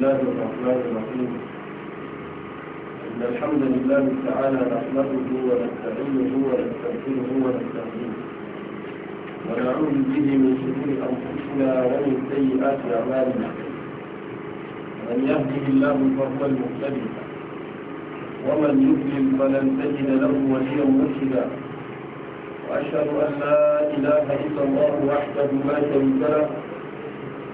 الله الرحمن الرحيم إن الحمد لله تعالى نحمده ونستعينه ونستغفره ونستهديه ونعوذ به من شرور أنفسنا ومن سيئات أعمالنا من يهده الله فهو المهتدي ومن يضلل فلن تجد له وليا مرشدا وأشهد أن لا إله إلا الله وحده لا شريك له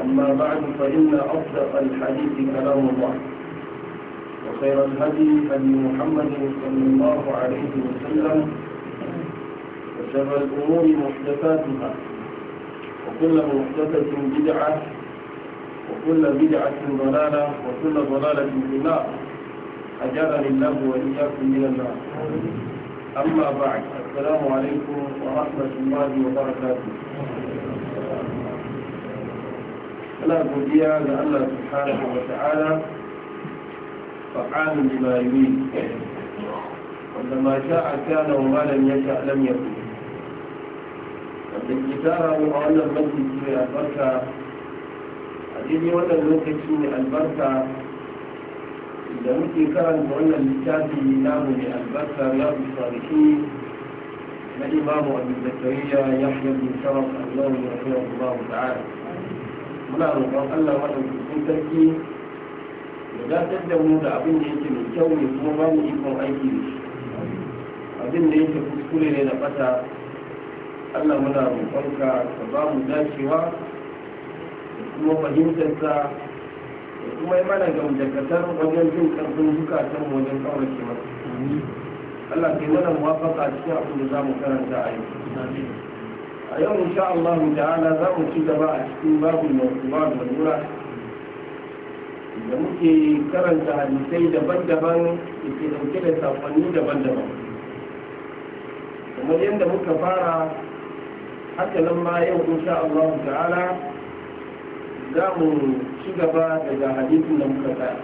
أما بعد فإن أصدق الحديث كلام الله وخير الهدي هدي محمد صلى الله عليه وسلم وشر الأمور محدثاتها وكل محدثة بدعة وكل بدعة ضلالة وكل ضلالة في النار أجرني الله وإياكم من النار أما بعد السلام عليكم ورحمة الله وبركاته لابدية لأن سبحانه وتعالى فعال لما يريد وعندما شاء كان وما لم يشاء لم يكن فالإنكتارة وأن المسجد في البركة أجل يولى المسجد في البركة إذا مكي كان وأن المسجد ينام لألبكة رياض الصالحين الإمام أبي زكريا يحيى بن شرف الله رحمه الله تعالى muna roƙon Allah sun sarki ya dakatar da mu da abin da yake mai kyau ne kuma ba mu ikon aiki da shi abin da yake kuskure ne da fata Allah muna roƙonka ka ba mu dacewa da kuma fahimtarsa da kuma yi mana gamdakatar wajen jin ƙarfin zukatan wajen kaurace masa Allah ke mana muwafaka cikin abin da za mu karanta a yau. a yau insha Allah ta'ala za mu ci gaba a cikin babu mawdu'a da lura da muke karanta hadisai daban-daban da ke dauke da sakonni daban-daban kamar yadda muka fara haka nan ma yau insha Allah ta'ala za mu ci gaba daga hadisin da muka tsaya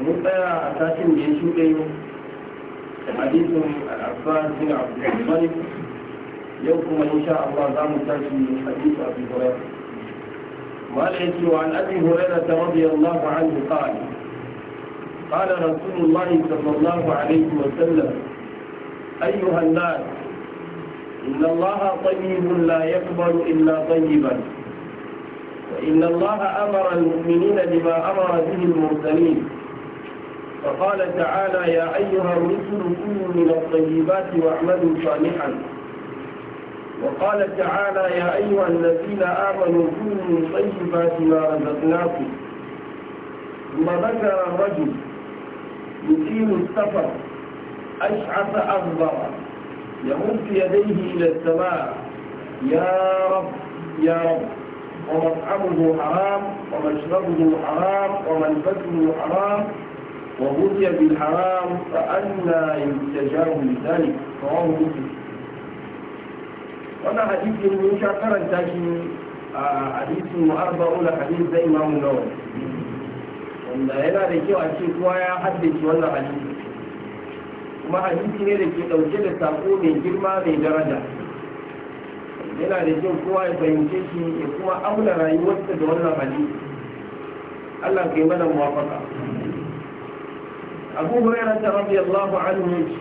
mun tsaya a sashen da ya shuɗe hadisin al'abbas bin abdul malik ان شاء الله دام za من حديث ابي هريره ما مالك عن أبي هريرة رضي الله عنه قال قال رسول الله صلى الله عليه وسلم أيها الناس إن الله طيب لا يقبل إلا طيبا وإن الله أمر المؤمنين بما أمر به المرسلين فقال تعالى يا أيها الرسل كلوا من الطيبات واعملوا صالحا وقال تعالى يا أيها الذين آمنوا كنوا من طيبات ما رزقناكم ثم ذكر الرجل يطيل السفر أشعث أغبر يمد يديه إلى السماء يا رب يا رب ومطعمه حرام ومشربه حرام وملبسه حرام وغذي بالحرام فأنا يستجاب لذلك رواه مسلم wannan hadisi mun sha karanta shi a hadisin arba'ul hadis da imamu nawa wanda yana da kyau a ce kowa ya haddace wannan hadisi kuma hadisi ne da ke dauke da sako mai girma mai daraja yana da kyau kowa ya fahimce shi ya kuma auna rayuwarsa da wannan hadisi Allah kai mana muwafaka Abu Hurairah radiyallahu anhu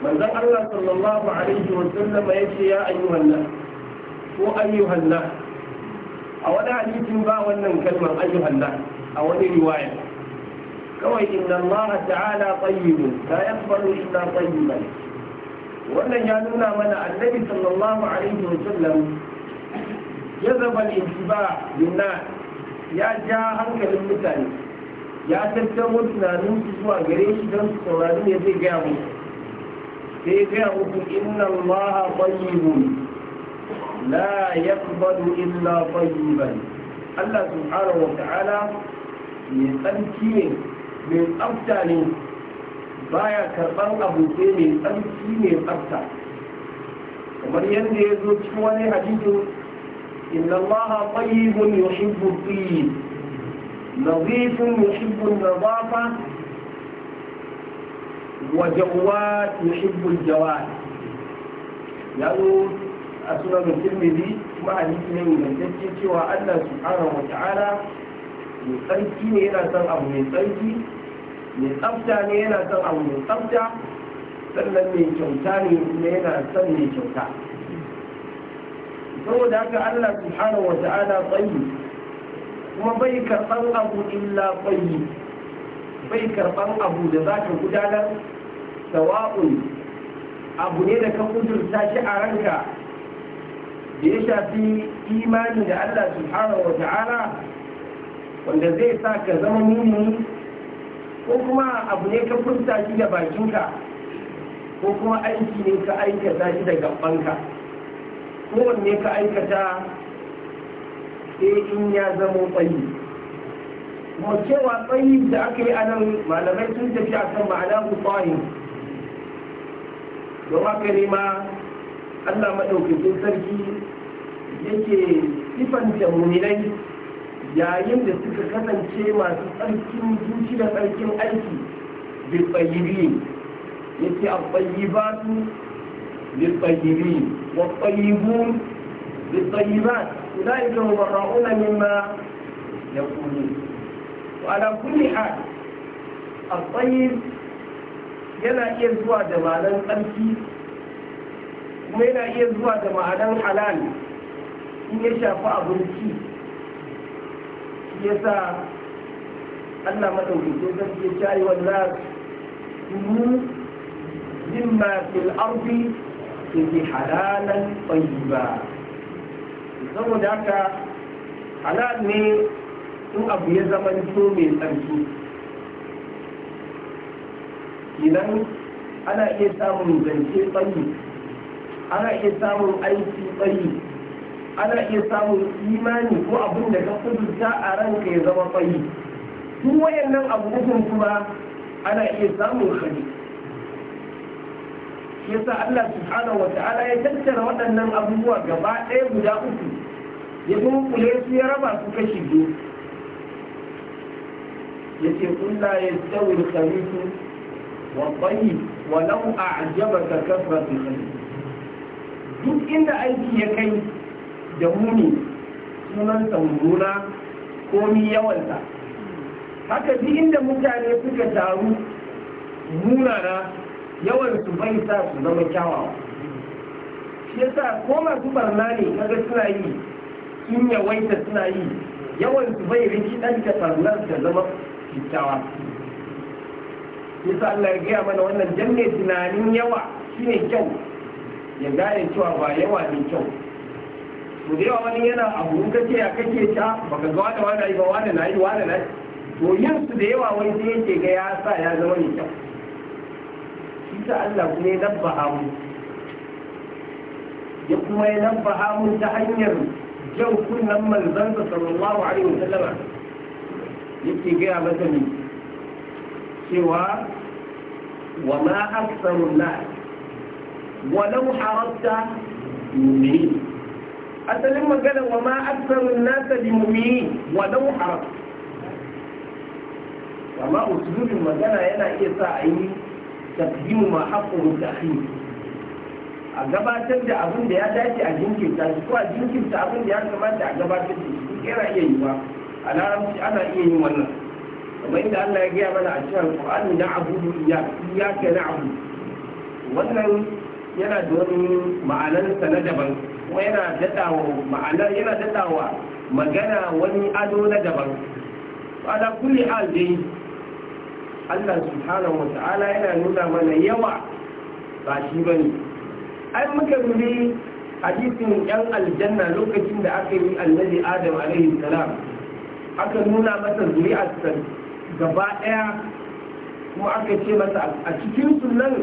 manzon Allah sallallahu alaihi wa sallam ya ce ya ayyuhan nas ko ayyuhan nas a wani hadisin ba wannan kalmar ayyuhan nas a wani riwaya kawai inna Allah ta'ala tayyibun la yaqbalu illa tayyiban wannan ya nuna mana annabi sallallahu alaihi wa sallam ya zaba al-intiba linnas ya ja hankalin mutane ya tattaro tunanin su zuwa gare shi don su saurari ne zai gaya musu sai gaya muku inna Allah tayyibun la yaqbalu illa tayyiban Allah subhanahu wa ta'ala mai tsanki ne mai tsafta ne baya karɓar abu sai mai tsarki mai tsafta kamar yadda ya zo cikin wani hadisin inna allaha tayyibun yuhibbu tayyib nadhifun yuhibbu nadhafa وجواد يحب الجواد يقول أسنان الترمذي مع الاثنين من جدتي وأن سبحانه وتعالى mai tsarki ne yana son abu mai tsarki mai tsafta ne yana son abu mai tsafta sannan mai kyauta ne kuma yana son mai kyauta saboda haka Allah subhanahu wa ta'ala tsayi kuma bai karɓar abu illa tsayi bai karban abu da za ka gudanar sawa'un abu ne da ka kudurta shi a ranka da ya shafi imani da Allah subhanahu wa ta'ala wanda zai sa ka zama mumini ko kuma abu ne ka kudurta shi da bakinka ko kuma aiki ne ka aikata shi da gabanka wanne ka aikata sai in ya zama tsayi mu cewa tsayi da aka yi anan malamai sun tafi a kan ma'ana ku tsayi don haka ne ma allah maɗaukakin sarki yake sifanta muminai yayin da suka kasance masu tsarkin zuci da tsarkin aiki bilbayibi yake a tsayibatu bilbayibi wa tsayibun بالطيبات أولئك هم الراؤون ya يقولون ala kulli hal al-tayyib yana iya zuwa da ma'anar tsarki kuma yana iya zuwa da ma'anar halal in ya shafi abinci shi ya sa allah maɗaukake sarki ya ce ayi wanda kunu mimma fil ardi yake halalan ba saboda haka halal ne in abu ya zama to mai tsarki idan ana iya samun zance tsayi ana iya samun aiki tsayi ana iya samun imani ko abin da ka kudurta a ranka ya zama tsayi duk nan abu ukun kuma ana iya samun hali yasa Allah subhanahu wa ta'ala ya tattara waɗannan abubuwa gaba ɗaya guda uku ya kuma kule su ya raba su kashi biyu yace kun ya yastawi al-khabith wa bayi wa law a'jabaka kasrat al-khabith duk inda aiki ya kai da muni sunan sauruna ni yawansa haka duk inda mutane suka taru munana yawan su bai sa su zama kyawawa shi ko masu barna ne kaga suna yi sun yawaita suna yi yawan su bai riki ɗan ka barnar da zama kyakkyawa yasa Allah ya gaya mana wannan janne tunanin yawa shine kyau ya gane cewa ba yawa ne kyau to da yawa wani yana abu kace ya kake ta baka ga wani wani ba wani na yi wani na to yin su da yawa wani sai yake ga ya sa ya zama ne kyau yasa Allah kuma ya nabbaha mu ya kuma ya nabbaha mu ta hanyar jau kunnan manzon sallallahu alaihi wasallam yake gaya masa ne cewa wa ma aksarun na walau harasta mumini asalin magana wa ma aksarun nasa bi mumini walau harafta amma usulun magana yana iya sa a yi tafhimu ma haƙƙun tafi a gabatar da abin da ya dace a jinkirta ko a jinkirta abin da ya kamata a gabatar da shi yana iya yiwa a larabci ana iya yin wannan kamar Allah ya gaya mana a cikin Qur'ani na abudu iyyaka na'budu wannan yana da wani ma'anar sa na daban kuma yana dadawa ma'anar yana dadawa magana wani ado na daban ala kulli hal dai Allah subhanahu yana nuna mana yawa ba shi bane ai muka dubi hadisin yan aljanna lokacin da aka yi annabi Adam alaihi salam aka nuna masa zuri'arsa gaba ɗaya kuma aka ce masa a cikin sunan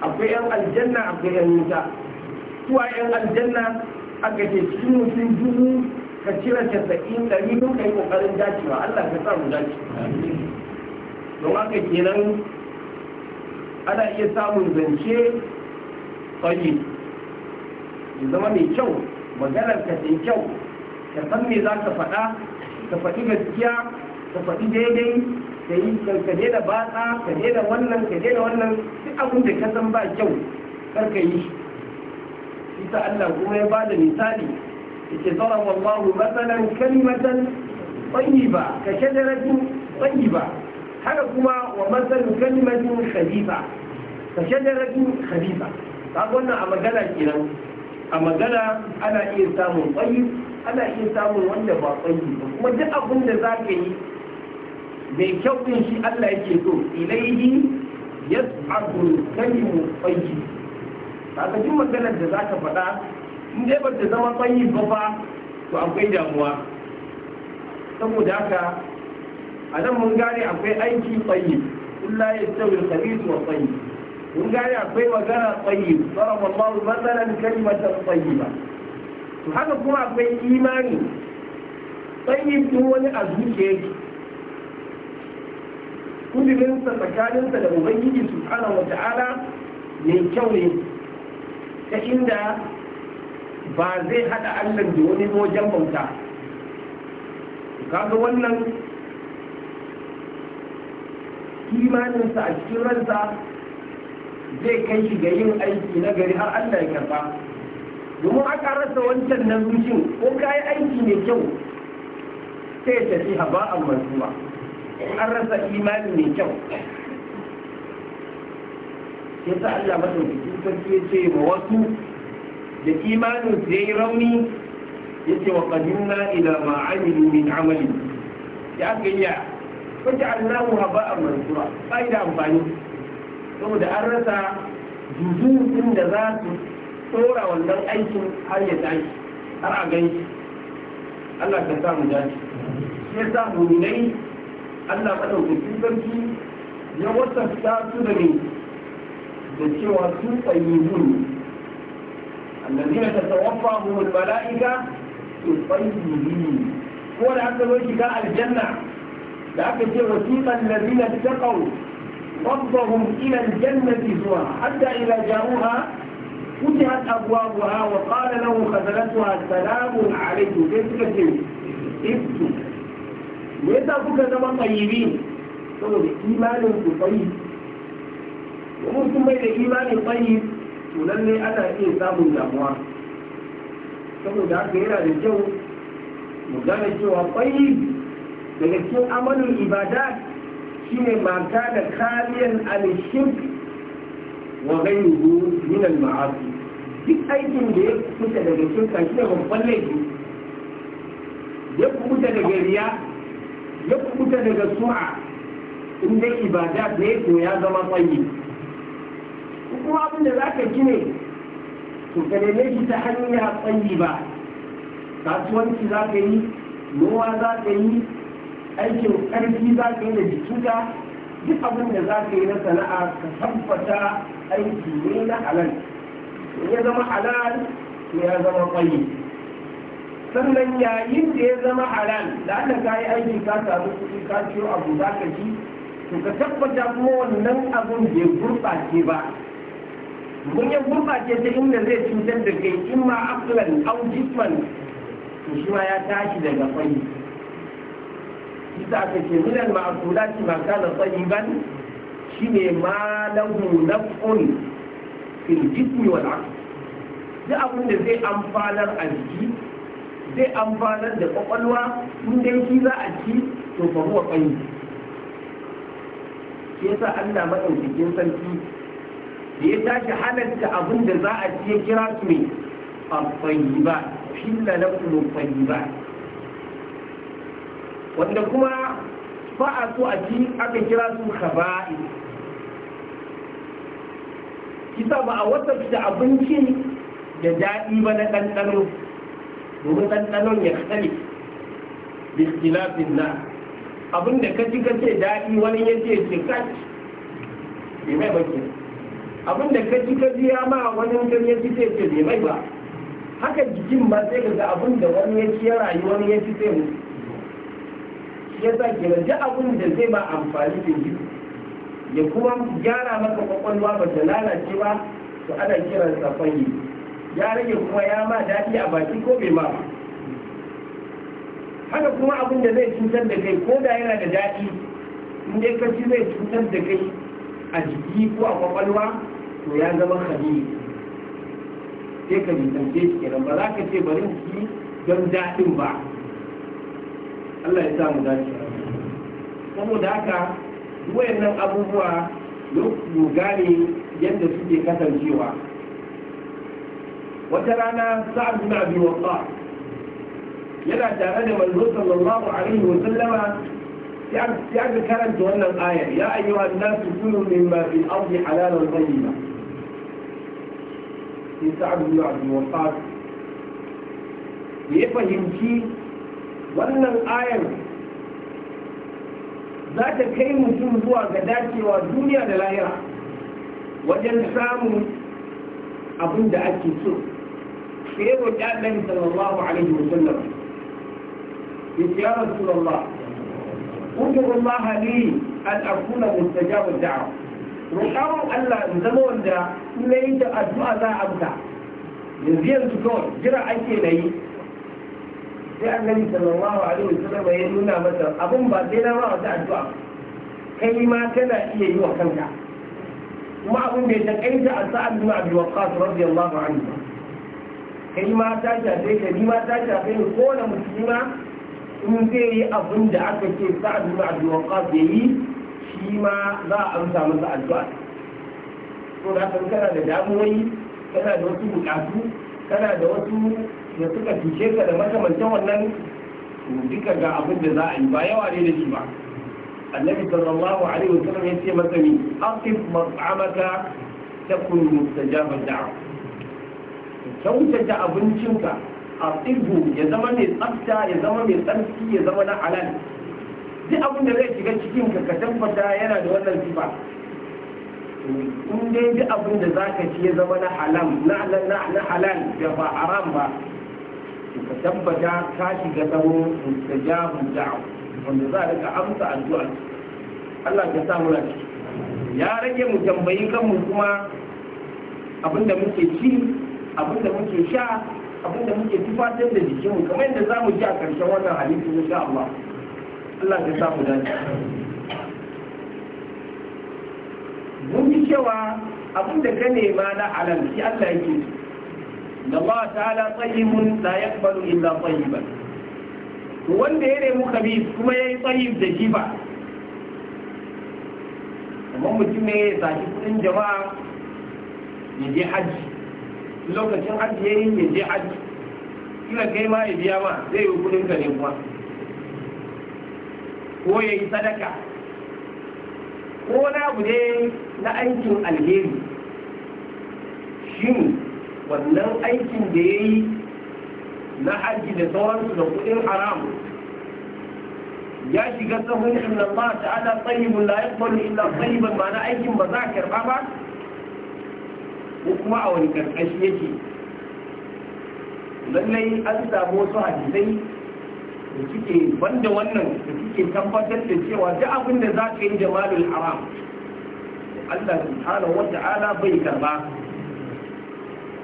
akwai 'yan aljanna akwai 'yan wuta a 'yan aljanna aka ce cikin mutum dubu ka cire casa'in ɗari don ka yi ƙoƙarin dacewa allah ka sa mu dace don haka kenan ana iya samun zance tsaye ya zama mai kyau maganar ka sai kyau ka san me za ka faɗa ka faɗi gaskiya ka faɗi daidai ka yi ka daina batsa ka da wannan ka da wannan duk abin da ka san ba kyau kar ka yi shi ta Allah kuma ya bada misali yake tsara wallahu matsalan kalimatan tayyiba ka shajaratu tayyiba haka kuma wa matsalan kalimatin khalifa ka shajaratu khalifa kaga wannan a magana kenan a magana ana iya samun tayyib ana iya samun wanda ba tsayi ba kuma duk abin da za ka yi mai kyau din shi Allah yake so ilaihi yas'adul kalimu ba ka ji maganar da za ka faɗa in dai ba ta zama tsayi ba ba to akwai damuwa saboda haka a nan mun gane akwai aiki tsayi kulla ya da khabisu wa tsayi mun gane akwai magana tsara sarrafa Allah kalimatar kalimatan ba. to haka kuma akwai imani tsayin tun wani a yake kudurinsa tsakaninsa da ubangiji su wa ta'ala mai kyau ne ta inda ba zai hada allah da wani wajen bauta kaga wannan imaninsa a cikin ransa zai kai shi ga yin aiki na gari har allah ya karba domin aka rasa wancan nan rushin ko ka yi aiki mai kyau sai ya tafi haba a mantuwa an rasa imani mai kyau ya sa Allah madaukakin sarki ya ce ma wasu da imanin su ya yi rauni ya ce wa kadina ila ma amilu min amali ya aka yi wace Allahu haba a mantuwa ba da amfani saboda an rasa jujun da za su tsora wannan aikin har ya tashi har a gani Allah ka samu dace shi ya sa muminai Allah madaukakin sarki ya wasafta su da ne da cewa su tsayyibun allazina tatawaffahum almalaika tsayyibun ko da aka zo shiga aljanna da aka ce wasiqan allazina taqaw ربهم إلى الجنة زوا حتى إذا جاءوها فتحت أبوابها وقال له خزنتها سلام عليكم كيف تكتب ابتو ليس كنا زما طيبين saboda imanin ku tsayi domin sun bai da imanin tsayi to lallai ana iya samun damuwa saboda haka yana da kyau mu gane cewa tsayi daga cikin amalin ibada shine mata da kariyar alshirk wa duk aikin da ya fita daga shirka kashi da babban laifi ya kuta daga riya ya kuta daga su'a inda ibada da ya koya zama tsayi kuma abin da za ka gine to ka neme shi ta hanyar tsayi ba kasuwanci za ka yi noma za ka yi aikin ƙarfi za ka yi da jikinka duk abin da za ka yi na sana'a ka tabbata aiki ne na halal ya zama halal ya zama kwayi sannan yayin da ya zama halal da aka kayi aiki ka samu kuɗi ka ciyo abu za ka ci to ka tabbata kuma wannan abun bai gurɓace ba mun ya gurɓace ta inda zai cutar da kai in ma aklan au jisman to shi ma ya tashi daga kwayi isa ka ce minan ma'akulati ma kana ban shi ne ma lahu naf'un fil jismi wal aql duk abin da zai amfanar a zai amfanar da kwakwalwa in dai shi za a ci to fa huwa qayyim shi yasa Allah madaukakin sarki da ya tashi halatta abun da za a ci ya kira su ne fayyiba hilla lakum fayyiba wanda kuma ba a ci aka kira su khaba'i kisa ba a da abincin da daɗi ba na ɗanɗano domin ɗanɗanon ya kare bistilafin na abin da ka ci ka ce daɗi wani ya ce ce kaci bai mai ba ke abin da ka ci ka ji ya ma wani kan ya ci ce ce bai mai ba haka jikin ba sai ka ga abin da wani ya ci ya rayu wani ya ci sai mu ya sa ke duk abin da zai ba amfani da jikin ya kuma gyara maka kwakwalwa ba ta lalace ba su ana kiran sa fanyi ya rage kuma ya ma daɗi a baki ko bai ma haka kuma abin da zai cutar da kai ko da yana da daɗi in dai ka ci zai cutar da kai a jiki ko a kwakwalwa to ya zama hali sai ka nisance shi kenan ba za ka ce bari ki don daɗin ba Allah ya sa mu dace saboda haka wayannan abubuwa mu gane yadda suke kasancewa wata rana sa'ad bin abi waqqa yana tare da manzo sallallahu alaihi wa sallama ya ga karanta wannan ayar ya ayyuha an-nasu kulu mimma fil ardi halalan tayyiba sai sa'ad bin abi waqqa ya fahimci wannan ayar za ta kai mutum zuwa ga dacewa duniya da lahira wajen samun abin da ake so sai roƙi Allah sallallahu alaihi wa sallam yace ya rasulullah udu Allah li an akuna wa da'a roƙawa Allah zama wanda in nayi da addu'a za a amsa yanzu yanzu kawai jira ake yi. sai annabi sallallahu alaihi wasallam ya nuna masa abun ba sai na wata addu'a kai ma kana iya yi wa kanka kuma abun da ta kai ta sa'ad bin abi waqqas radiyallahu anhu kai ma ta shafe ka ni ma ta shafe ni ko na musulma in zai yi abun da aka ce sa'ad bin abi waqqas yayi shi ma za a amsa masa addu'a to da kana da damuwoyi kana da wasu bukatu kana da wasu da suka cike ka da makamancin wannan duka ga abin da za a yi ba yawa ne da shi ba annabi sallallahu alaihi wasallam ya ce masa ni aqif mat'amaka takun mustajaba da'a kyautata abincinka a tsibu ya zama mai tsafta ya zama mai tsarki ya zama na halal duk abin da zai shiga cikin ka ka tabbata yana da wannan sifa in dai duk abin da za ka ci ya zama na halal na halal da ba haram ba to ka tabbata ka shiga tsawo mustajabun da'a wanda za a rika amsa addu'a Allah ya sa mu ciki ya rage mu tambayi kanmu kuma abinda muke ci abinda muke sha abinda muke tufatar da jikinmu kamar yadda za mu ji a ƙarshen wannan hadisi insha Allah Allah ya sa mu dace mun ji cewa abinda ka nema na halal shi Allah yake da ba Allah ta'ala tsayimun la yaqbalu illa tsayiban wanda ya nemi khabis kuma ya yi tsayib da shi ba kamar mutum ne ya saki kudin jama'a ya je hajji lokacin hajji yayi ya je hajji kila kai ma ya biya ma zai yi kudin ka ne kuma ko ya yi sadaka ko na abu ne na aikin alheri shin wannan aikin da ya yi na haji da sauransu da kudin haram ya shiga sahun inna Allah ala tayyibun la yaqbalu illa tayyiban ma na aikin ba za karba ba ko kuma a wani karkashi yake lallai an samu wasu hadisai da suke banda wannan da suke tabbatar da cewa duk abin da za ka yi jamalul haram Allah subhanahu wa ta'ala bai karba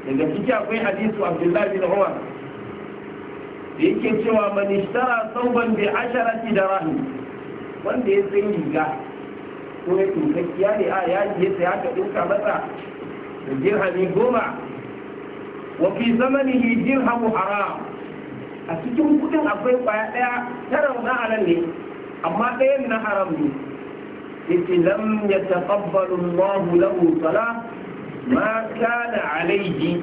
daga ciki akwai hadisu abdullahi bin umar da yake cewa man ishtara sauban bi da dirahim wanda ya sayi riga ko ya kiya ne a ya ya saya ka dinka masa da dirhami goma wa fi zamanihi dirhamu haram a cikin kudin akwai kwaya daya tara na halal ne amma ɗayan na haram ne yake lam yataqabbalu Allahu lahu salah ma kana alaihi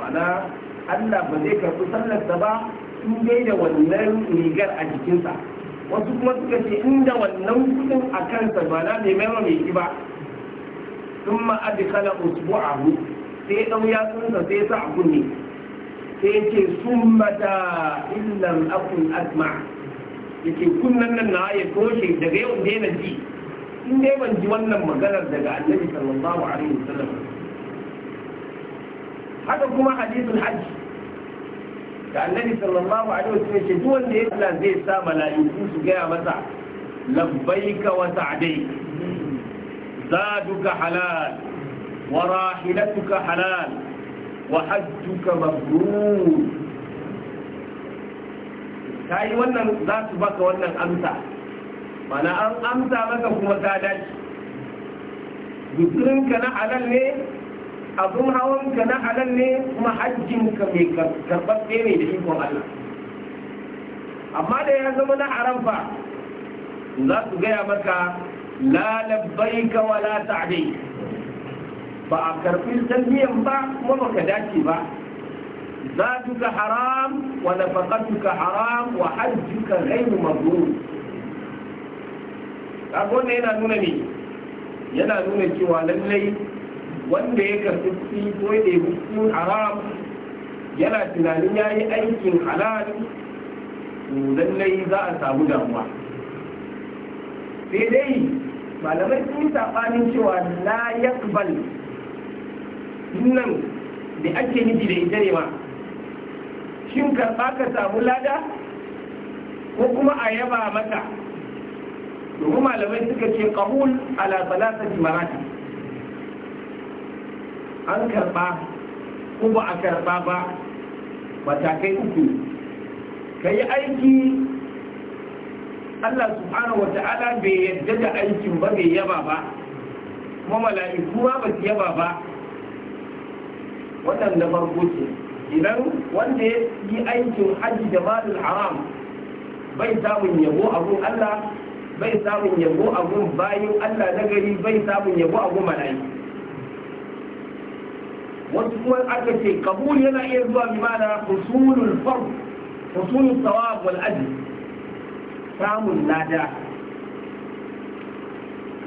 mana Allah ba zai karɓi sallarsa ba in dai da wannan rigar a jikinsa wasu kuma suka ce inda wannan kudin a kansa ba na mai mai mai ki ba sun ma'adi kala usbu'ahu sai ɗau tsunsa sai sa a kunne sai ce sun mata illan akun asma yake kunnan nan na ya toshe daga yau daina ji in dai ban ji wannan maganar daga annabi sallallahu alaihi wasallam haka kuma hadisul hajj da annabi sallallahu alaihi wasallam ce duk wanda ya Allah zai sa mala'iku su gaya masa labbaika wa sa'dai zaduka halal wa rahilatuka halal wa hajjuka mabrur kai wannan za su baka wannan amsa mana an amsa maka kuma ta dace guzurinka na halal ne abun ka na halal ne kuma hajjinka mai karɓaɓɓe ne da ikon Allah amma da ya zama na haram fa za su gaya maka la ka wa la ta'dai ba a karɓi tarbiyan ba kuma baka dace ba zatuka haram wa nafaqatuka haram wa hajjuka ghayru mabrur kaga yana nuna ne yana nuna cewa lallai wanda ya karfi kuɗi ko ya hukun haram yana tunanin ya yi aikin halal lallai za a samu damuwa sai dai malamai sun yi saɓanin cewa na ya yakbal nan da ake nufi da ita ne ma shin karɓa ka samu lada ko kuma a yaba mata domin malamai suka ce ƙahul ala salasati marati an karɓa ko ba a karɓa ba matakai uku ka yi aiki Allah subhanahu wata'ala bai yadda da aikin ba bai yaba ba kuma mala'iku kuma ba su yaba ba waɗanda farko ce idan wanda ya yi aikin hajji da malul haram bai samun yabo abun Allah bai samun yabo a gun bayan Allah na gari bai samun yabo a gun malayi wasu kuma aka ce kabul yana iya zuwa bi mana husulul fard husulul thawab wal ajr samun lada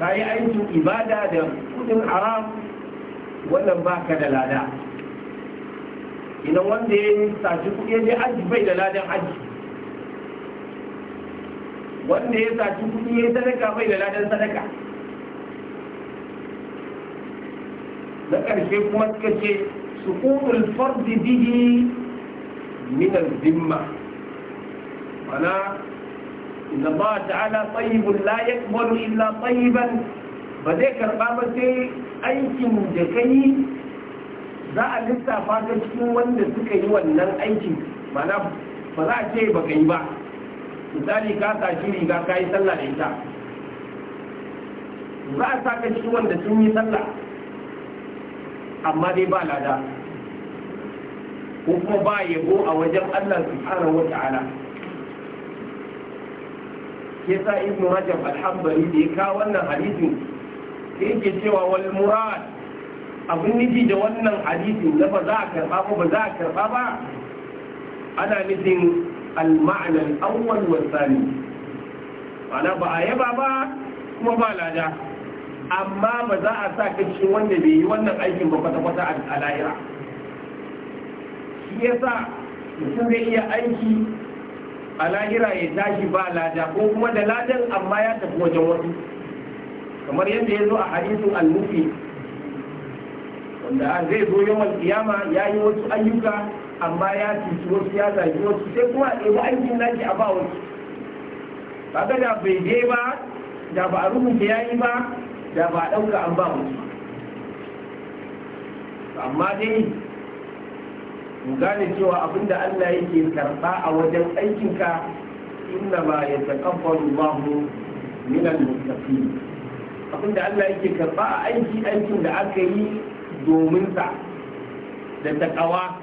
kayi aiki ibada da kudin haram wannan baka da lada idan wanda ya saci kuɗi ya je aji bai da ladan aji wanda ya saci kuɗi ya yi sadaka mai da ladan sadaka na ƙarshe kuma suka ce sukutul fardi bihi min zimma mana inna Allah ta'ala tayyibun la yaqbalu illa tayyiban ba zai karɓa ba sai aikin da kai za a lissafa ta cikin wanda suka yi wannan aikin mana ba za a ce ba ka yi ba misali ka sa shi riga ka yi sallah da ita za a sa ka wanda sun yi sallah amma dai ba lada ko kuma ba yabo a wajen Allah subhanahu wa ta'ala ke sa ibn rajab alhambari da ya kawo wannan hadisin da yake cewa wal murad abin nufi da wannan hadisin da ba za a karba ba ba za a karba ba ana nufin al-ma'ana al-awwal ba a yaba ba kuma ba lada amma ba za a sa ka wanda bai yi wannan aikin ba kwata kwata a lahira shi yasa mutum zai iya aiki a lahira ya tashi ba lada ko kuma da ladan amma ya tafi wajen wasu kamar yadda ya zo a hadisin al-mufi wanda zai zo yawan kiyama ya yi wasu ayyuka amma ya cuci wasu ya zagi wasu sai kuma a ɗebi aikin naki a ba wasu ba ga da bai je ba da ba a rubuta ya yi ba da ba a ɗauka an ba wasu amma dai mu gane cewa abinda Allah yake karɓa a wajen aikinka inna ma ya taƙabbaru mu minan muttaqin abinda Allah yake karɓa a aiki aikin da aka yi domin sa da taƙawa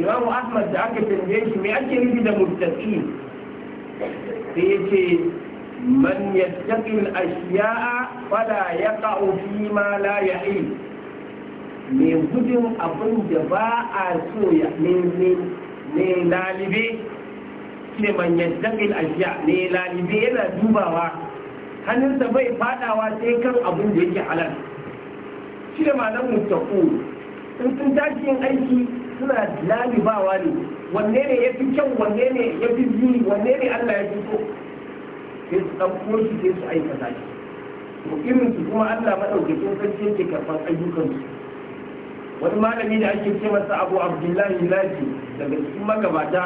imamu ahmad da aka tambaye shi me ake nufi da murtaki? sai ya ce man yattaqi al-ashya'a fala ƙa'o fi ma la yahil me gudun abin da ba a so ya ne ne lalibe ne man ya taƙin ashya ne lalibe yana dubawa hannunsa bai fadawa sai kan abin da yake halal shi da malam muttaqu in sun tashi yin aiki suna lalibawa ne wanne ne ya fi kyau wanne ne ya fi wanne ne Allah ya fi so sai su ɗauko shi sai su aikata shi to irin su kuma Allah madaukakin sarki yake karɓar ayyukansu wani malami da ake ce masa Abu Abdullahi Lati daga cikin magabata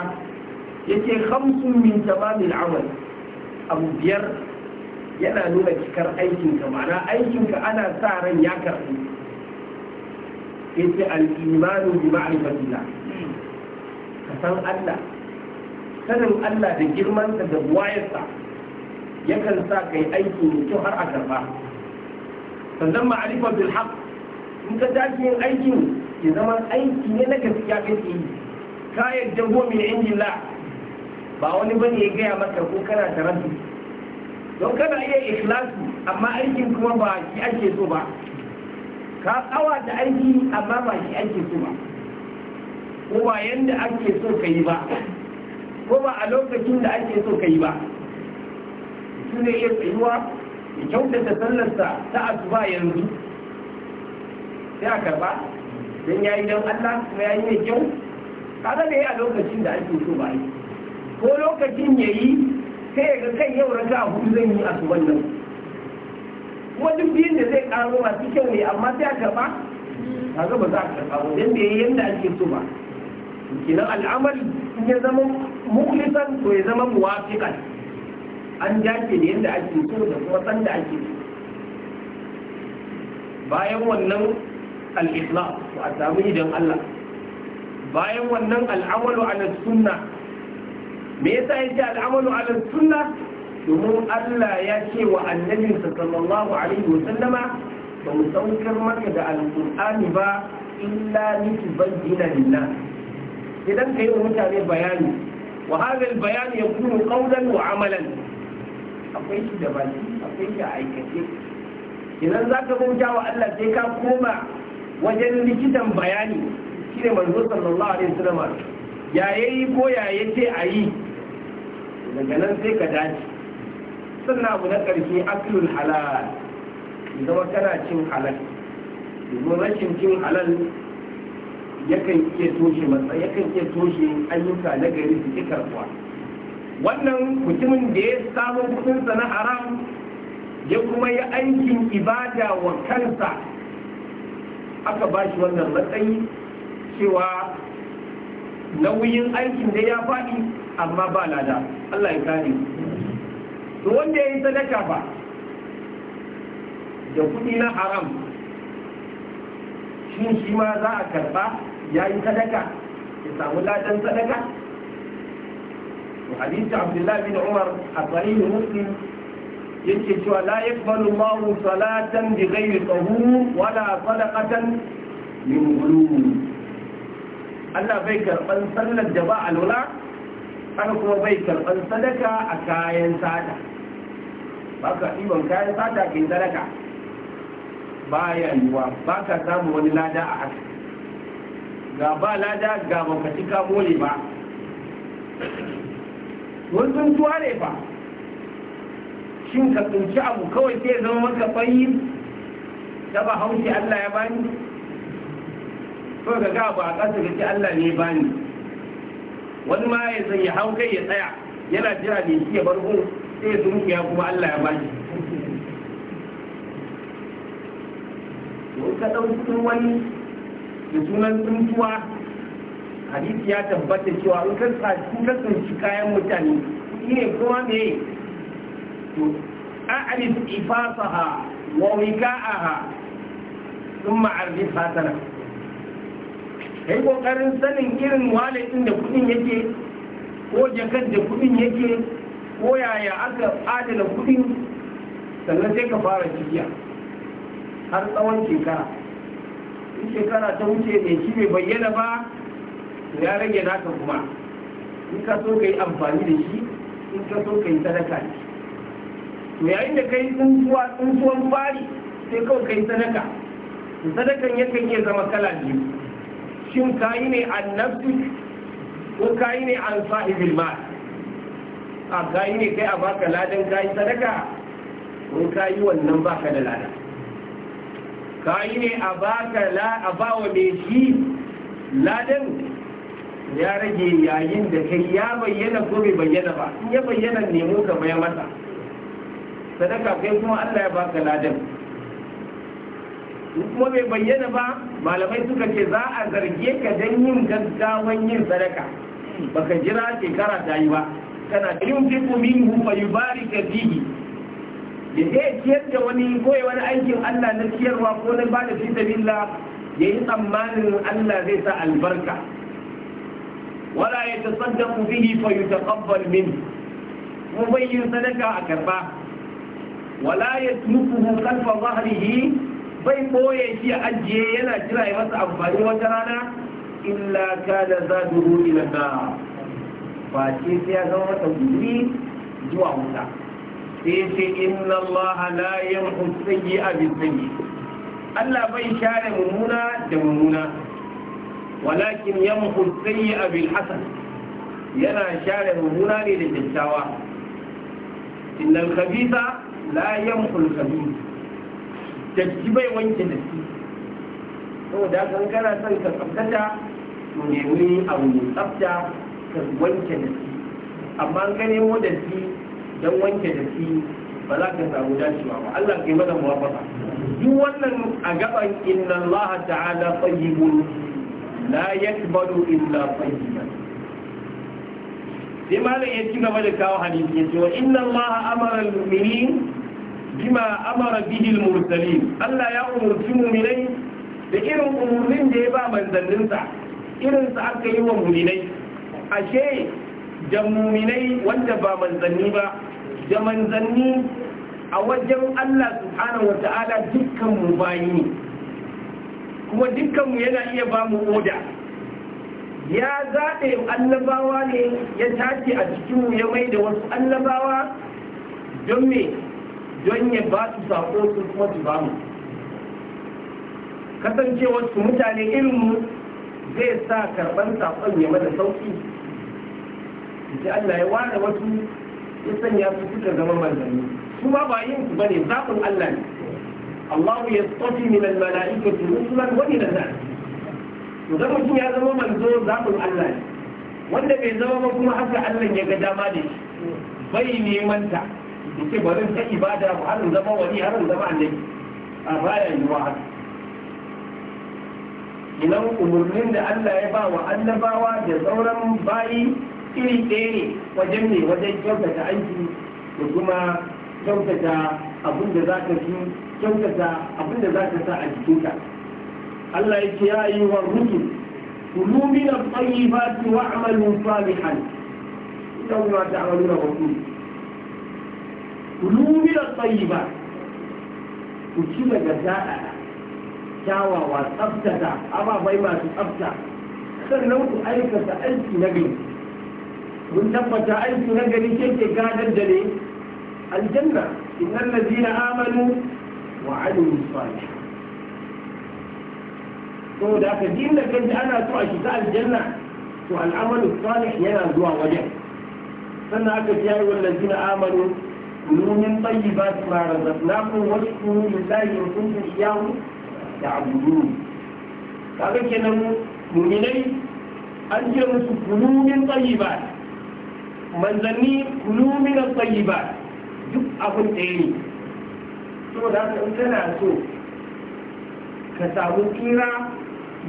yake khamsun min tamamil amal abu biyar yana nuna cikar aikinka ma'ana aikinka ana sa ran ya karɓi yace al-imanu bi ma'rifatillah ka san Allah sanin Allah da girman sa da wayarsa yakan sa kai aiki mai kyau har a karba sannan ma'rifa bil haqq in ka yin aikin ya zama aiki ne na gaskiya kake yi ka yadda go min indillah ba wani bane ya gaya maka ko kana tarantu don kana iya ikhlasu amma aikin kuma ba shi ake so ba ka da aiki amma ba shi ake so ba ko ba yanda ake so ka yi ba ko ba a lokacin da ake so ka yi ba su ne iya tsayuwa ya kyautata sallarsa ta asuba yanzu sai a karba don yayi don Allah kuma yayi mai kyau Ka da yi a lokacin da ake so ba yi ko lokacin ya yi, sai ga kai yau raka hudu zan yi asu nan kuma duk biyun da zai karo masu kyau ne amma sai a karba a ga ba za a karba ba dan da yayi yanda ake so ba kenan al'amari ya zama mukhlisan to ya zama muwafiqan an dace da yanda ake so da kuma san da ake so bayan wannan al-ikhlas to a samu idan Allah bayan wannan al'amalu ala sunna me yasa yake al'amalu ala sunna domin Allah ya ce wa annabinsa sallallahu alaihi wa sallama ba mu saukar maka da alƙur'ani ba illa niki bayyana lillah idan ka yi wa mutane bayani wa hadha albayan yakunu qawlan wa amalan akwai shi da baki akwai shi a aikace idan za ka bauta wa Allah sai ka koma wajen likitan bayani shine manzo sallallahu alaihi wa sallama yayayi ko yayace a yi daga nan sai ka dace sannan abu na ƙarshe aklul halal zama kana cin halal domin rashin cin halal yakan iya toshe matsa yakan iya toshe ayyuka na gari su wannan mutumin da ya samu kudinsa na haram ya kuma yi aikin ibada wa kansa aka ba shi wannan matsayi cewa nauyin aikin da ya faɗi amma ba lada Allah ya kare to wanda ya yi sadaka ba da kuɗi na haram shin shi ma za a karɓa ya yi sadaka ya samu ladan sadaka hadisi abdullahi bin umar a sahihu muslim yake cewa la yaqbalu Allahu salatan bi ghairi tahur wala sadaqatan min ghulul bai karban sallar da ba alwala haka kuma bai karɓar sadaka a kayan sata. ba ka ɗiban kayan sata ke sadaka ba yiwa ba ka samu wani lada a haka ga ba lada ga bakaci ka mole ba wani tuwa ne ba shin ka tsinci abu kawai sai zama maka bayi ta ba haushi allah ya bani ko ka ga ba a ƙasa ka ce allah ne bani wani ma ya sanya hau kai ya tsaya yana jira ne shi ya bar sai su ya kuma Allah ya bani ka ɗauki wani da sunan tuntuwa hadisi ya tabbata cewa in ka shi kayan mutane kuɗi ne kuma me to a'arif ifasaha wa wika'aha sun ma'arif hasana kai kokarin sanin irin waletin da kuɗin yake ko jakar da kuɗin yake ko yaya aka adana kudin sannan sai ka fara jiya har tsawon shekara in shekara ta wuce ne shi bai bayyana ba ya rage naka kuma in ka so ka yi amfani da shi in ka so ka yi sadaka ne to yayin da ka yi tsuntsuwan fari sai kawai ka yi sadaka sadakan yakan iya zama kala biyu shin ka yi ne an nafsi ko ka yi ne an sahibil mal a gayi ne kai a baka ladan gayi sadaka mun kayi wannan baka da ladan kayi ne a baka la a bawa mai shi ladan ya rage yayin da kai ya bayyana ko bai bayyana ba in ya bayyana mu ka maya masa sadaka kai kuma Allah ya baka ladan kuma bai bayyana ba malamai suka ce za a zarge ka don yin gaggawan yin sadaka baka jira shekara ta yi ba kana yunfiqu minhu fayubarika fihi ya je ciyar da wani ko wani aikin Allah na ciyarwa ko na bada fi sabilillah ya yi tsammanin Allah zai sa albarka wala ya tasaddaqu bihi fa yutaqabbal min mu bayyin sadaka a karba wala yatmukuhu kalfa dhahrihi bai boye shi a ajiye yana kira ya masa amfani wata rana illa kana zaduru ila nar ba ce sai ya zama mata guri zuwa wuta sai ce inna Allah la yamhu sayyi'a bi sayyi Allah bai share mummuna da mummuna walakin yamhu sayyi'a bil hasan yana share mummuna ne da kyakkyawa innal khabitha la yamhu al khabith datti bai wanke datti saboda kan kana son ka tsaftata to ne wuri abu mai tsafta fuskar wanke shi amma an gane mu shi don wanke shi ba za ka samu dacewa ba Allah kai mana muwafaqa duk wannan a gaban inna Allah ta'ala tayyibun la yakbalu illa tayyiban sai malam ya ci gaba da kawo hadisi ya ce wa inna Allah amara al-mu'minin bima amara bihi al-mursalin Allah ya umurci mu'minai da irin umurnin da ya ba manzanninsa irin sa aka yi wa mu'minai ashe da muminai wanda ba manzanni ba da manzanni a wajen Allah subhanahu wata'ala dukkan mu bayi ne kuma dukkan mu yana iya ba mu oda ya zaɓe annabawa ne ya tace a cikin mu ya mai da wasu annabawa don me don ya ba su sako su kuma su ba mu kasancewar su mutane irin mu zai sa karɓar saƙon ya mada sauƙi ce Allah ya ware wasu ya sanya su suka zama manzanni su ma ba yin su ba ne, zaɓin Allah ne Allah ya tsofi min al-mala'ikati rusulan wa min an-nas to da mutum ya zama manzo zaɓin Allah ne wanda bai zama ba kuma haka Allah ya ga dama da shi bai neman ta yake bari ta ibada ba har zama wani har zama annabi a baya yiwa haka Ina umurnin da Allah ya ba wa annabawa da sauran bayi iri ɗaya ne wajen ne wajen kyautata aiki da kuma kyautata abin da za ka fi kyautata abin da za ka sa a jikinka Allah ya ce ya yi wa rusul kulu min at-tayyibati wa'malu salihan innahu ma ta'maluna basir kulu min at-tayyibat ku ci daga da'a kyawawa tsabtata ababai masu tsabta sannan ku aikata aiki na gari mun tabbata aiki na gari ke ke gadar da ne aljanna na zina amanu wa amilu salih saboda da aka da kanji ana so a shiga aljanna to al'amalu salih yana zuwa wajen sannan aka ji yayi zina amanu na من طيبات ما رزقناكم واشكروا لله إن كنتم إياه تعبدون kaga kenan mu muminai an ce musu kulu tsayi ba. manzanni kulu min at-tayyibat duk abin da yake saboda haka in kana so ka samu kira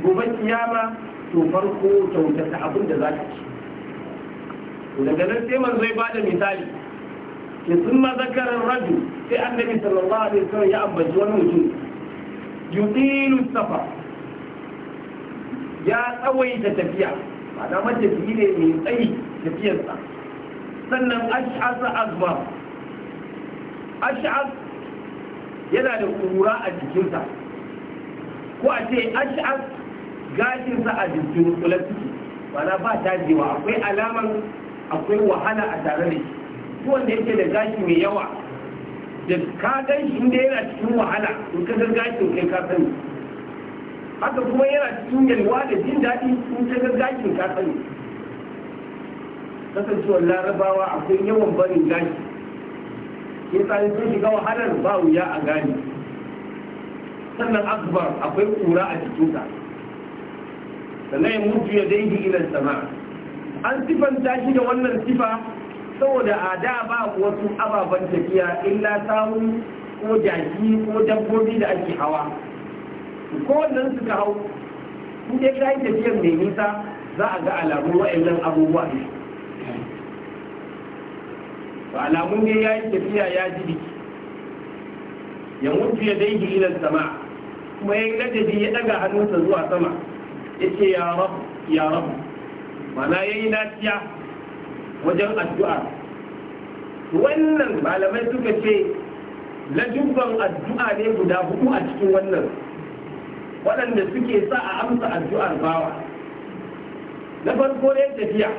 gobe kiyama to farko kyautata abin da za ka ci daga nan sai manzo bada misali ke sun ma zakarar radu sai annabi sallallahu alaihi wasallam ya ambaci wani mutum yudilu safa ya tsawaita tafiya ba da ne mai tsayi tafiyarsa sannan ash'as azba ash'as yana da kura a jikinsa ko a ce ash'as gashinsa a jikin kula ciki ba ta tajewa akwai alaman akwai wahala a tare da shi ko wanda yake da gashi mai yawa da ka gan shi inda yana cikin wahala in ka ga gashin kai ka sani haka kuma yana cikin yalwa da jin daɗi in ka ga gashin ka sani kasancewar larabawa akwai yawan barin gashi ya tsari sun shiga wahalar ba wuya a gani sannan akbar akwai kura a cikinsa sannan ya mutu ya daidai ilan sama an sifanta shi da wannan sifa saboda a da ba wasu ababen tafiya illa samun ko jaki ko dabbobi da ake hawa ko wannan suka hau in ka yi tafiyar mai nisa za a ga alamun wa'annan abubuwa ne to alamun ne ya yi tafiya ya ji biki ya mutu ya dai ilal sama kuma ya yi ladabi ya daga hannunsa zuwa sama ya ce ya rabu ya rabu mana ya yi nasiya wajen addu'a wannan malamai suka ce lajubban addu'a ne guda hudu a cikin wannan waɗanda suke sa a amsa addu'ar bawa na farko ne tafiya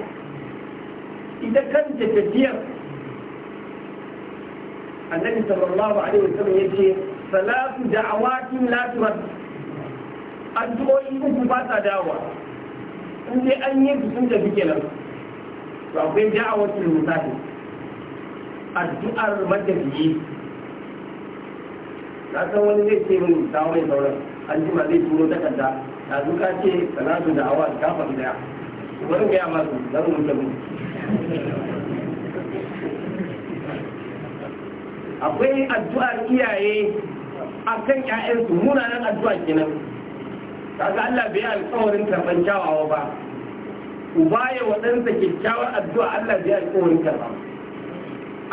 ita kanta tafiyar annabi sallallahu alaihi wasallam yace salatu da'awatin la turad addu'o'i uku ba ta dawowa in dai an yi su sun tafi kenan to akwai da'awatul mutafi addu'ar matafiyi na san wani zai ce mun ta wani sauran an jima zai turo takarda ta zuka ce salatu da'awa ta faɗi daya wani ga ya masu zan mutu akwai addu'ar iyaye a kan ‘ya’yansu munanan addu'a kenan kaga Allah bai alƙawarin karɓar kyawawa ba uba ya waɗansa kyakkyawar addu'a Allah bai alƙawarin karɓa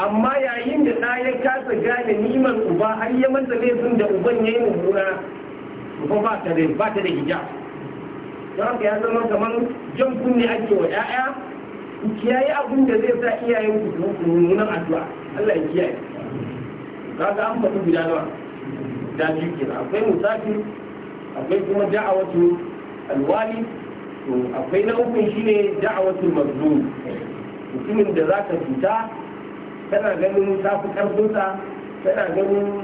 amma yayin da ɗa ya kasa gane niman uba har ya manta laifin da uban ya yi mummuna ba ba ta da ba ta da hijab don haka ya zama kamar jan kunne ake wa 'ya'ya ku kiyaye abin da zai sa iyayen ku mummunan addu'a Allah ya kiyaye kaga an faɗi guda nawa da biyu kenan akwai musafi akwai kuma da'awatu alwali to akwai na ukun shine da'awatul mazlum mutumin da za ka fita kana ganin ta fi karfinsa kana ganin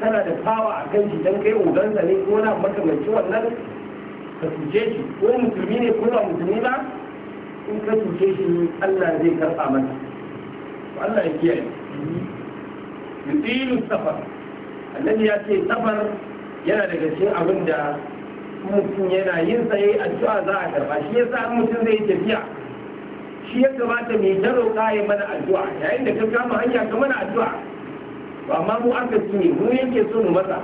kana da fawa a kan shi don kai ugansa ne ko na makamanci wannan ka cuce shi ko musulmi ne ko ba musulmi ba in ka cuce shi Allah zai karɓa mata Allah ya kiyaye yutilu safar annabi ya ce safar yana daga cikin abin da mutum yana yin sa addu'a za a karba shi yasa mutum zai tafiya shi ya kamata mai ta roƙa ya mana addu'a yayin da ka kama hanya ka mana addu'a amma mu aka ne mu yake so mu masa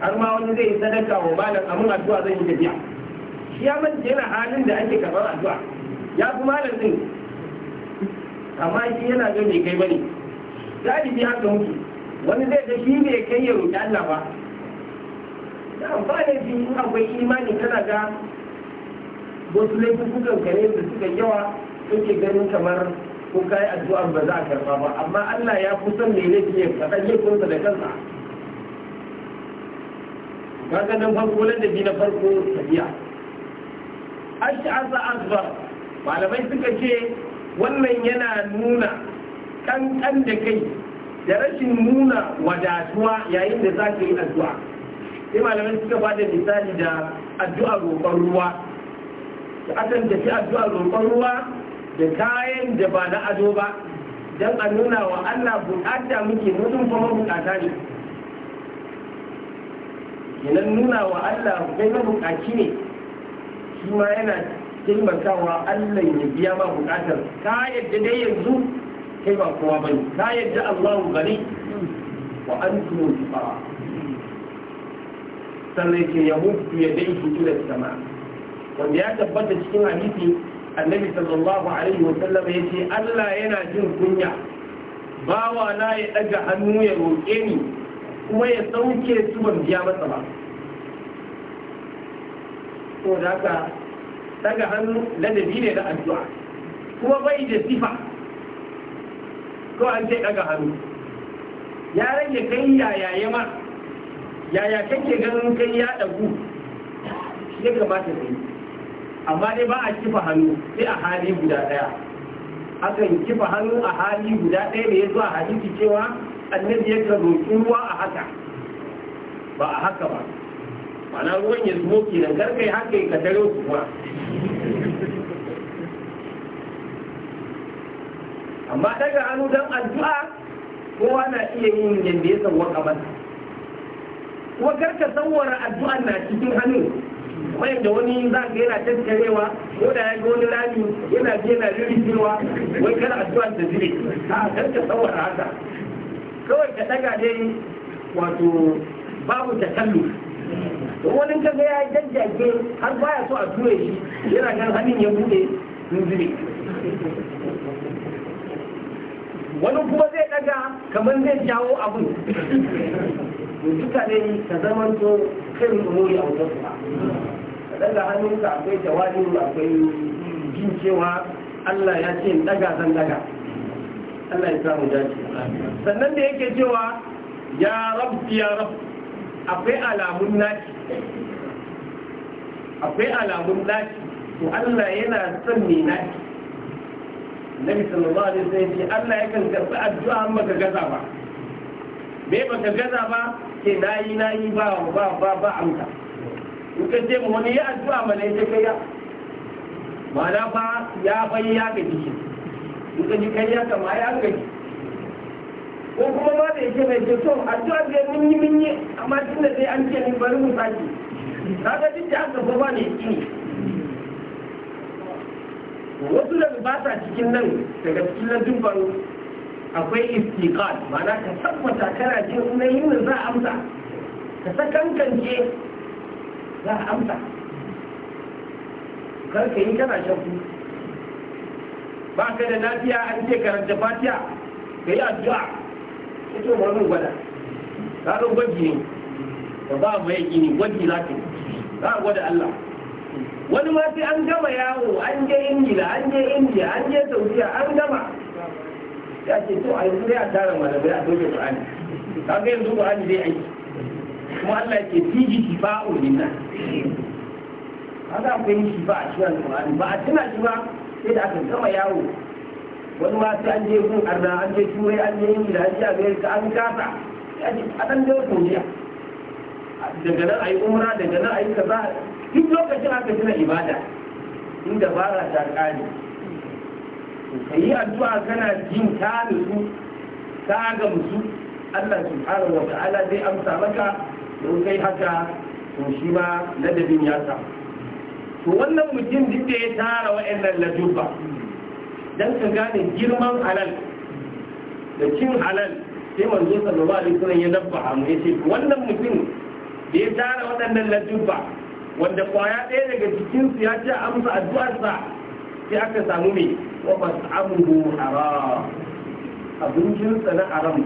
har ma wani zai yi sadaka wa malam amin addu'a zai yi tafiya shi ya manta yana halin da ake karɓar addu'a ya fi malam din amma shi yana zai bai kai bane galibi haka muke wani zai ga shi bai kai ya roƙi Allah ba da amfani shi in akwai imani kana ga wasu laifukan ka da suka yawa suke ganin kamar ko kai addu'ar ba za a karba ba amma Allah ya fi son mai laifi ya faɗa da kansa kaga nan farko ladabi na farko tafiya ash'asa akbar malamai suka ce wannan yana nuna kankan da kai da rashin nuna wadatuwa yayin da za ka yi addu'a sai malamai suka ba da misali da addu'a roƙon ruwa da akan tafi addu'a roƙon ruwa da kayan da ba na ado ba don a nuna wa allah buƙata muke mutum kuma buƙata ne kenan nuna wa allah kai buƙaci ne shi ma yana taimantawa Allah ya biya ma bukatar ka yadda dai yanzu kai ba kowa bane ka yadda Allah gani wa antum fara sannan ke yahudu ya dai su ila sama wanda ya tabbata cikin hadisi annabi sallallahu alaihi wa sallam yace Allah yana jin kunya bawa na ya daga hannu ya roƙe ni kuma ya sauke su ban biya masa ba saboda haka daga hannu ladabi ne na addu'a kuma bai da sifa ko an ce daga hannu ya rage kai yaya ya ma yaya kake ganin kai ya dagu shi ya kamata ne amma dai ba a kifa hannu sai a hali guda daya akan kifa hannu a hali guda daya da ya zuwa hadisi cewa annabi ya roƙi ruwa a haka ba a haka ba ana ruwan ya zumo da karkai haka ka tare kuma amma daga hannu don addu'a kowa na iya yin yadda ya sauwaka masa kuma karka sauwara addu'an na cikin hannu wayan da wani za ka yana tattarewa ko da ya ga wani rami yana na yana cewa wai kada addu'a ta zire a karka sauwara haka kawai ka daga dai wato babu takallu don wani kaga ya jajjage har baya so a ture shi yana kan hannun ya bude sun zube wani kuma zai daga kamar zai jawo abin duka ne ka zama to kan umuri a wutar ba ka daga hannunka akwai jawabin akwai jin cewa Allah ya ce daga zan daga Allah ya samu dace sannan da yake cewa ya rabu ya rabu akwai alamun naki akwai alamun naki to Allah yana son ne naci Nabi sallallahu alaihi wasallam ce Allah ya kan karɓi addu'a amma ka gaza ba me ka gaza ba ke nayi nayi ba ba ba ba amsa in ka ce wani ya addu'a ne sai kai ma ma'ana fa ya bai ya gaji in ka ji kai ya kama ya gaji ko kuma ma da yake mai ke a addu'a da mun yi mun yi amma tun da sai an ce ni bari mu saki ga duk da aka ba ne ki wasu da ba sa cikin nan daga cikin nan dubban akwai istiqal ma'ana ka tabbata kana jin yi yin za a amsa ka sakankance za a amsa kar ka yi kana shakku ba ka da lafiya an ce karanta fatiha ka yi addu'a ya gwada Allah wani ma sai an gama yawo an je ingila an je India an je saudiya an gama ya ce to a yanzu dai a tara malamai a doke qur'ani ka ga yanzu qur'ani zai aiki kuma Allah ya ce fiji kifa'u linna kaga akwai kifa a cikin qur'ani ba a tuna shi ba sai da aka gama yawo wani ma sai an je gun arna an je turai an je ingila an je ka an kasa a ɗan da saudiya daga nan a yi umra daga nan a yi kaza duk lokacin aka tuna ibada inda ba za ta ƙare ka yi addu'a kana jin ta nutsu ta gamsu Allah subhanahu wa ta'ala zai amsa maka don kai haka to shi ma ladabin ya samu to wannan mutum duk da ya tara wa'annan ladubba dan ka gane girman halal da cin halal sai manzo sallallahu alaihi wasallam ya nabba mu yace wannan mutum da ya tara waɗannan lajubba wanda kwaya ɗaya daga cikin su ya ce amsa sa sai aka samu mai wa mas'amuhu haram abincinsa na haram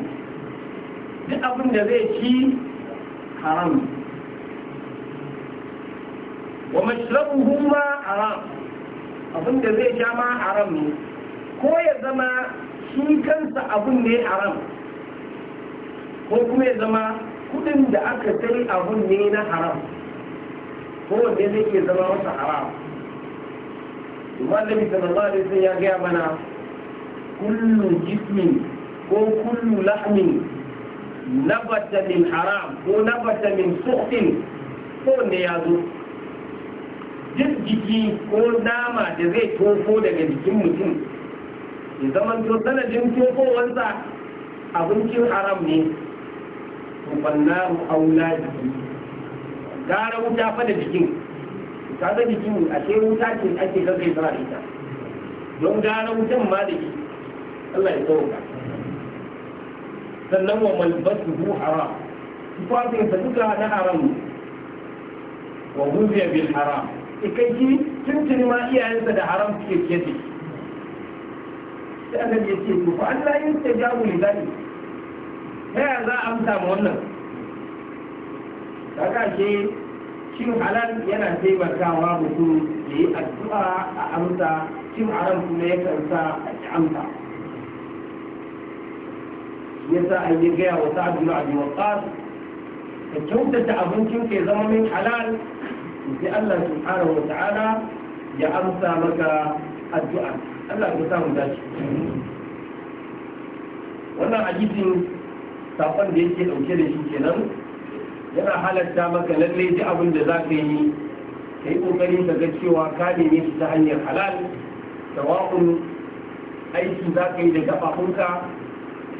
duk abin da zai ci haram wa mashrabuhu ma haram abin da zai sha ma haram ne ko ya zama shi kansa abun ne haram ko kuma ya zama kudin da aka tari abun ne na haram ko wanda zai iya zama masa haram bisa da alaihi sun ya gaya mana kullu jismin ko kullu lahmin nabata min haram ko nabata min suktin ko ne ya zo duk jiki ko nama da zai tofo daga jikin mutum zaman to sanadin tofowansa abincin haram ne tufanna aula jiki gara wuta fa da jikin ka ga jikin a ce wuta ce ake ga zai zara ita don gara wutan ma da shi Allah ya tsawo sannan wa malbasu hu haram tufafin sa duka na haram wa huziya bil haram ikaici tuntuni ma iyayensa da haram suke ke da sai annabi ya ce to fa Allah yin ta jamu ne zai ta ya za a amsa ma wannan ta ke shin halal yana taimakawa mutum ya yi addu'a a amsa shin haram kuma ya karsa a ki amsa yasa an yi gaya wa sa'ad bin abi waqqas ka kyautata abincin ke zama min halal sai Allah subhanahu wa ta'ala ya amsa maka addu'a Allah ya samu dace wannan hadisin sakon da yake dauke da shi kenan yana halatta maka lalle da abin da zaka yi kai kokari ka ga cewa ka neme shi ta hanyar halal tawakkul aiki zaka yi da kafafunka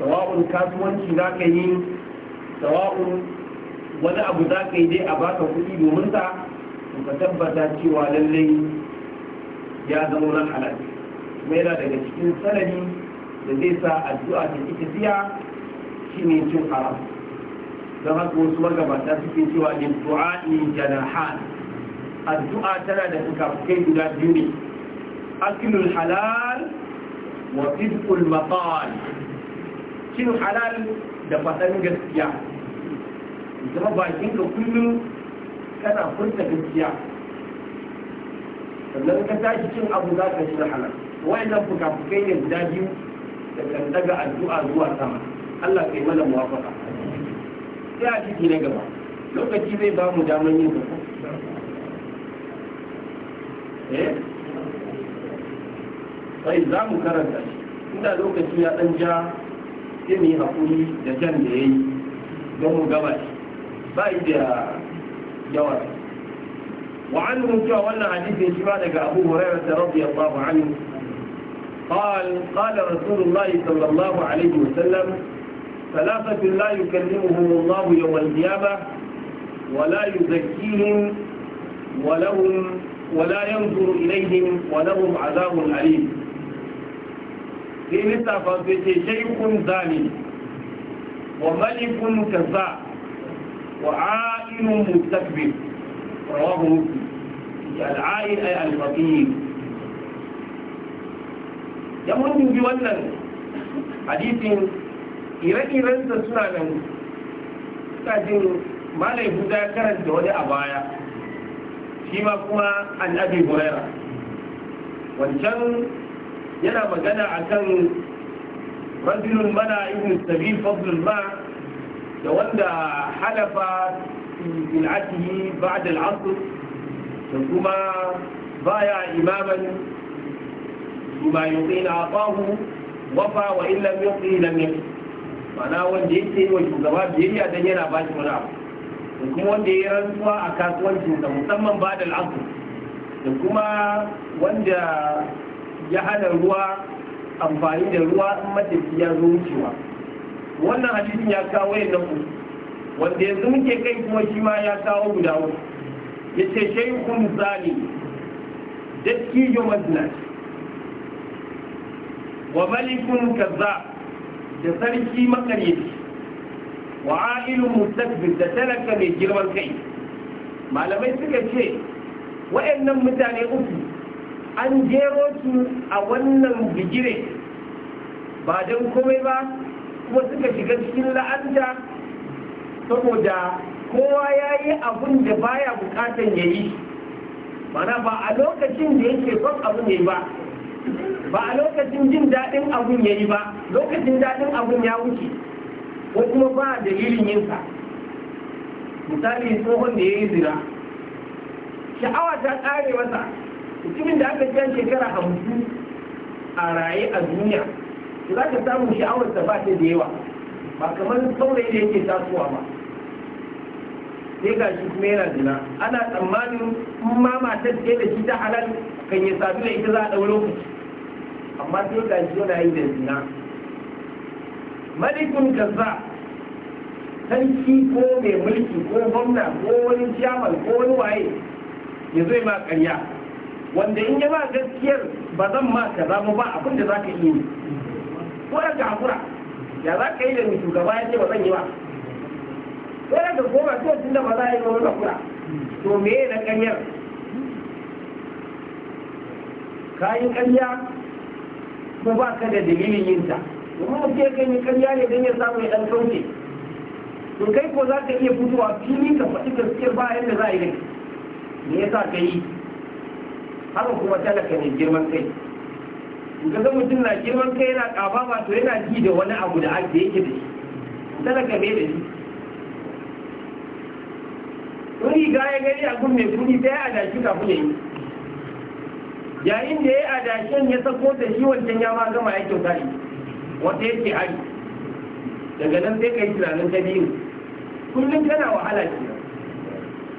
tawakkul kasuwanci zaka yi tawakkul wani abu zaka yi dai a baka kuɗi domin sa ka tabbata cewa lallai ya zama na halal kuma yana daga cikin sanadi da zai sa addu'a ta ita biya shi ne cin haram don haka wasu magabata suke cewa ne du'a'i janahan addu'a tana da fukafukai guda biyu ne akilul halal wa fizkul maqal cin halal da faɗan gaskiya zama bakin ka kullum kana furta gaskiya sannan ka tashi cin abu za ka shi na halal wayannan fukafukai ne guda biyu da kan daga addu'a zuwa sama Allah kai mana muwafaka sai a ciki na gaba lokaci zai ba mu daman yin zaka eh sai za mu karanta shi inda lokaci ya dan ja sai mu yi hakuri da jan da yayi don mu gaba shi ba da yawa وعنه جاء وانا حديث شمالك أبو هريرة رضي الله عنه قال قال رسول الله صلى الله عليه وسلم ثلاثة لا يكلمهم الله يوم القيامة ولا يزكيهم ولهم ولا ينظر إليهم ولهم عذاب أليم في نسافة شيخ ظالم وملك كذاب وعائل مستكبر رواه مسلم bi wannan hadisin ire-iren da suna nan suna jin malai huda karanta wani a baya shi ma kuma an abi huraira wancan yana magana akan kan rajulun mana ibn sabi fadlul ma da wanda halafa بلعته بعد العصر ثم بايع إماما بما يطين أعطاه wafa wa illam yuqi lam yuqi mana wanda yake wa shugaba biyayya dan yana ba shi wani abu da kuma wanda ya rantsuwa a kasuwanci, da musamman ba da al'asu da kuma wanda ya hana ruwa amfani da ruwa in matafi ya zo wucewa wannan hadisin ya kawo yadda ku wanda yanzu muke kai kuma shi ma ya kawo guda uku ya ce kun zali dattijo mazinaci wa malikun kaza da sarki makaryaci wa ailu mustakbir da talaka mai girman kai malamai suka ce wa'annan mutane uku an gero su a wannan bigire ba don komai ba kuma suka shiga cikin la'anta saboda kowa ya yi abin da baya bukatan ya yi mana ba a lokacin da yake son abin ya yi ba ba a lokacin jin daɗin abin ya yi ba lokacin daɗin abin ya wuce ko kuma ba dalilin yinsa misali tsohon da ya yi zira sha'awa ta ƙare masa mutumin da aka jan shekara hamsin a raye a duniya za ka samu sha'awarsa ba ta da yawa ba kamar saurayi da yake tasowa ba sai ga shi kuma yana zina ana tsammanin ma matar ce da shi ta halal kan yi sadu da ita za a ɗaure lokaci amma sai ga shi yana yi da zina malikun kaza sarki ko mai mulki ko gwamna ko wani shaman ko wani waye ya zai ma karya wanda in ya ma gaskiyar ba zan ma ka zama ba abin da za ka yi ne ko da ka hakura ya za ka yi da mai shugaba ya ce ba zan yi ba dole ka koma to tun da ba za a yi wani kura to me na ƙaryar kayan ƙarya ko ba ka da dalilin yin ta kuma mutum ya kan yi ne don ya samu ya dan kauce to kai ko za ka iya fitowa fili ka faɗi gaskiyar ba yadda za a yi da me ya sa ka yi haka kuma talaka ne girman kai ka ga mutum na girman kai yana ƙaba ba to yana ji da wani abu da ake yake da shi talaka ne da shi riga ya gani a gun mai kudi ta ya adashi kafin ya yi yayin da ya adashin ya sako da shi wancan ya ma gama ya kyauta ne wata ce ari daga nan sai kai tunanin ta biyu kullum tana wahala ce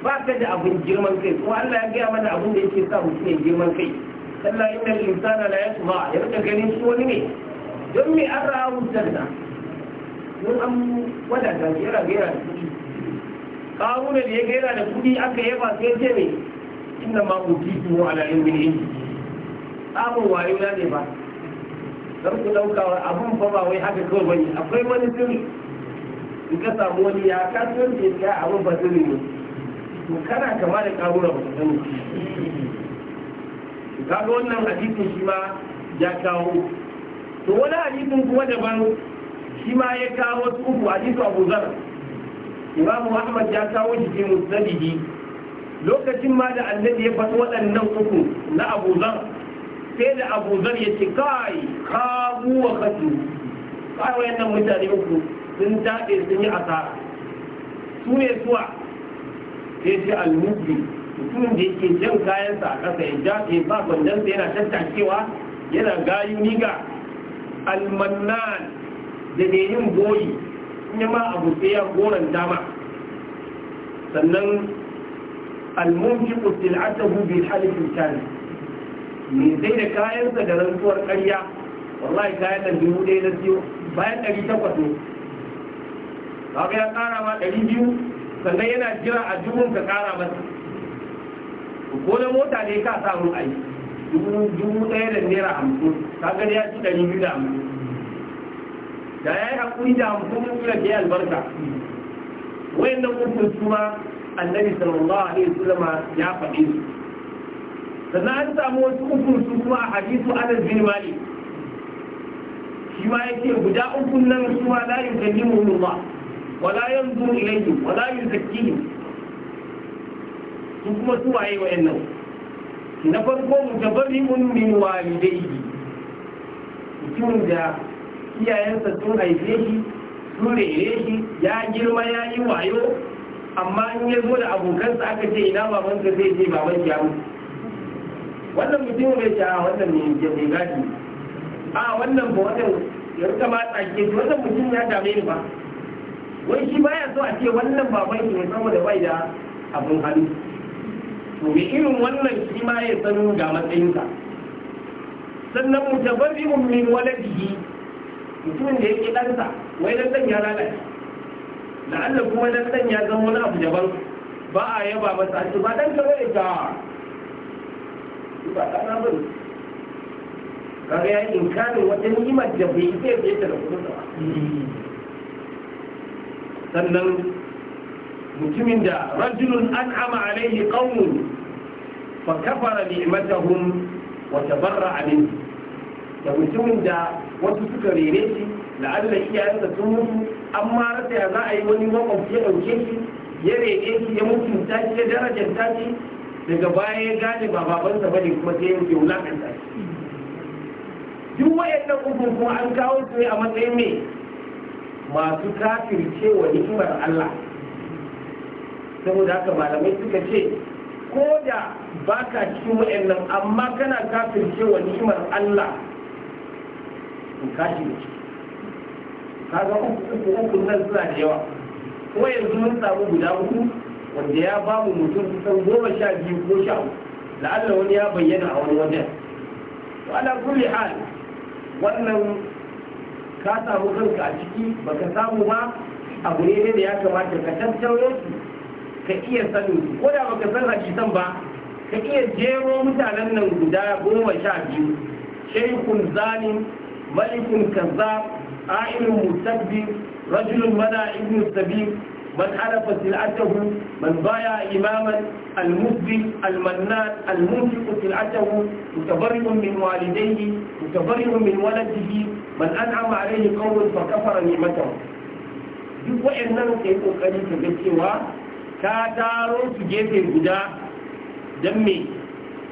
ba ka da abin girman kai ko Allah ya gaya mana abin da yake sa mutum ya girman kai Allah inna al-insana la yatma ya rika ganin shi wani ne don me an ra'a mutunta don an wadata gera yana da kuɗi ƙaruna da ya gaira da kuɗi aka yaba sai ce ne inda ma kuki tuwo ala ilmin inji Samun wayo na ne ba don ku ɗaukawa abun fa ba wai haka kawai bane akwai wani sirri in ka samu wani ya kasuwanci ya abun ba sirri ne to kana kama da ƙaruna ba ta sani kaga wannan hadisin shi ma ya kawo to wani hadisin kuma daban shi ma ya kawo wasu uku hadisu abu zara imam muhammad ya kawo shi fi musnadihi lokacin ma da annabi ya faɗi waɗannan uku na abu zar sai da abu zar ya ce kai ka wa kasu kai wayannan mutane uku sun dade sun yi asara su ne suwa sai ce almubi mutumin da yake jan kayansa a kasa ya ja ke ba gwandansa yana tattakewa yana gayu niga al-mannan da ne yin boyi in ya ma abu sai ya goran dama sannan almunfi kusil'atahu bil halifin tani mai zai da kayansa da rantsuwar karya wallahi kayan da biyu ɗaya na siyo bayan ɗari takwas ne kaga ya ƙara ma ɗari biyu sannan yana jira a jihun ka ƙara masa ko na mota ne ka samu ai dubu ɗaya da naira hamsin gani ya ci ɗari biyu da hamsin da ya yi haƙuri da hukumin da ke albarka wayan da kuma kuma annabi sallallahu alaihi wasallam ya faɗi su sannan an samu wasu hukun su kuma a hadisu anas bin malik shi ma yake guda uku nan su ma la yukallimuhum Allah wa la yanzuru ilayhim wa la yuzakkihim su kuma su waye nan na farko mutabarri'un min walidaihi mutum da iyayensa sun haife shi sun rere shi ya girma ya yi wayo amma in ya zo da abokansa aka ce ina babansa zai ce baban shi mutu wannan mutum bai shi a ah, wannan ne ce gaji a wannan ba wannan ya rika ma tsake wannan mutum ya dame ni ba wai shi baya so a ce wannan baban shi ne saboda bai da abun hannu to me irin wannan shi ma ya sanu ga matsayinsa sannan mutabarri'un min waladihi mutumin da yake ɗansa wai dan ɗan ya lalace la'alla kuma na ɗan ya zama wani abu daban ba a yaba masa a ba ɗan ka bai ga ba ɗana ba ne kaga ya yi inkarin wata ni'imar da bai ke fiye da kuma ba sannan mutumin da rajulun an'ama alaihi qaumun fa kafara ni'matahum wa tabarra'a minhu da mutumin da wasu suka rere shi ya iyayensa sun mutu amma rasa ya za a yi wani makwabci ya ɗauke shi ya rere shi ya mutunta shi ya darajanta shi daga baya ya gane ba babansa ba ne kuma sai ya wuce wulakanta shi duk wayannan uku kuma an kawo su ne a matsayin mai masu kafircewa ni'imar Allah saboda haka malamai suka ce ko da baka cikin wayannan amma kana kafircewa ni'imar Allah ka ga uku uku nan suna da yawa ko yanzu mun samu guda uku wanda ya ba mu mutum kusan goma sha biyu ko sha uku la'alla wani ya bayyana a wani wajen to ala kulli hal wannan ka samu kanka a ciki baka samu ba abu ne da ya kamata ka tattaure su ka iya sanin ko da baka san san ba ka iya jero mutanen nan guda goma sha biyu shaikun zalim malikin kaza ainihin musabbi rajulun mana ibn sabi man halafa sil'atahu man baya imaman al-musbi al-mannan al-mutiku sil'atahu mutabarrimun min walidaihi mutabarrimun min waladihi man an'ama alaihi qawlan fa kafara ni'matahu duk wa'annan kai kokari ka ga cewa ka taro su gefe guda dan me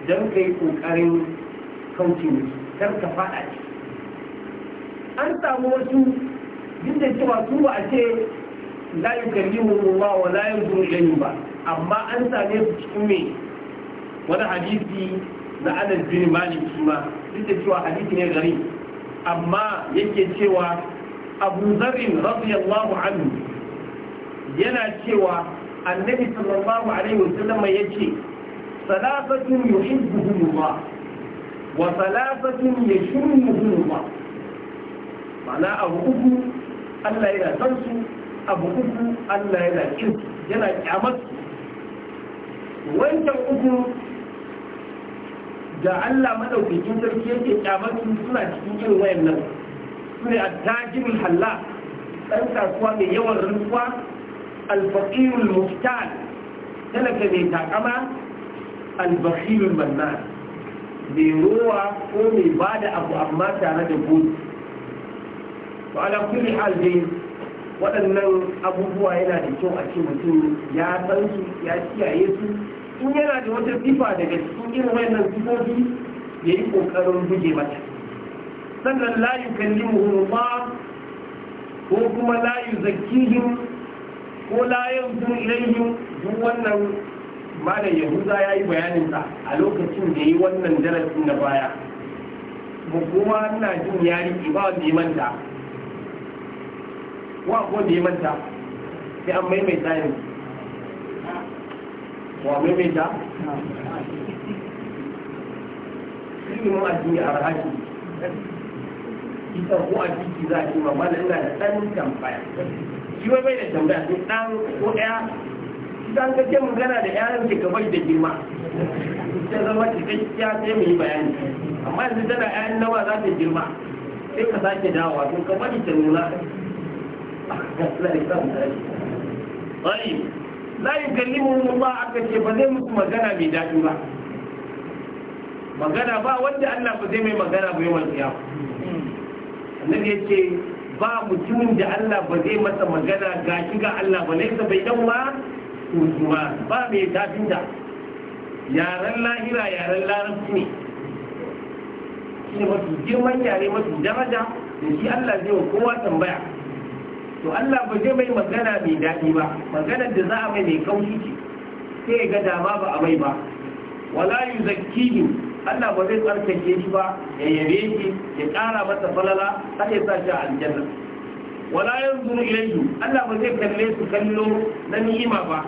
dan kai kokarin kaucewa kar ka fada cikin an samu wasu duk da cewa su ba a ce la yukallimu ba wa la yanzuru ilayhi ba amma an same su cikin me wani hadisi na Anas bin Malik kuma duk da cewa hadisi ne gari amma yake cewa Abu Dharr radiyallahu anhu yana cewa Annabi sallallahu alaihi wasallam yace salafatun yuhibbuhum Allah wa salafatun yashurruhum Allah ma'ana abu uku Allah yana san su abu uku Allah yana kin yana kyamar wancan uku da Allah madaukakin sarki yake kyamar su suna cikin irin wayannan su ne attajirul halla ɗan kasuwa mai yawan rantsuwa alfaqirul muftar talaka mai takama albashirul mannan mai ruwa ko mai ba da abu amma tare da gudu to ala kulli waɗannan abubuwa yana da kyau a ce mutum ya san su ya kiyaye su in yana da wata sifa daga cikin irin wayannan sifofi ya yi ƙoƙarin buge mata sannan la yukallimuhum Allah ko kuma la yuzakkihim ko la yanzu ilayhim duk wannan malam Yahuza ya yi bayanin sa a lokacin da yi wannan darasin na baya mu kuma ina jin ya riƙe ba wanda ya manta wa ko da ya manta sai an maimaita ne wa maimaita ilimin addini a rahaki ita ko a ciki za a ce ma da ina da ɗan tambaya shi wai bai da tambaya sai ɗan ko ɗaya idan ka ce magana da yaran ke gaba da girma ta zama cikakkiya sai mu yi bayani amma yanzu tana ƴaƴan nawa za ta girma sai ka sake dawowa to ka bari ta nuna طيب لا يكلمهم الله aka ce ba zai musu magana mai daɗi ba magana ba wanda Allah ba zai mai magana ba yi yawan tsiya annabi yace ba mutumin da Allah ba zai masa magana ga shi ga Allah ba laisa bai dan wa kuma ba mai tafin da yaren lahira yaren larabci ne shi ne mafi girman yare mafi daraja da shi Allah zai wa kowa tambaya to Allah ba zai mai magana mai daɗi ba maganar da za a mai mai kaushi ce sai ga dama ba a mai ba wala yuzakkihi Allah ba zai tsarkake shi ba ya yabe shi ya ƙara masa falala har ya sa shi a aljanna wala yanzuru ilayhi Allah ba zai kalle su kallo na ni'ima ba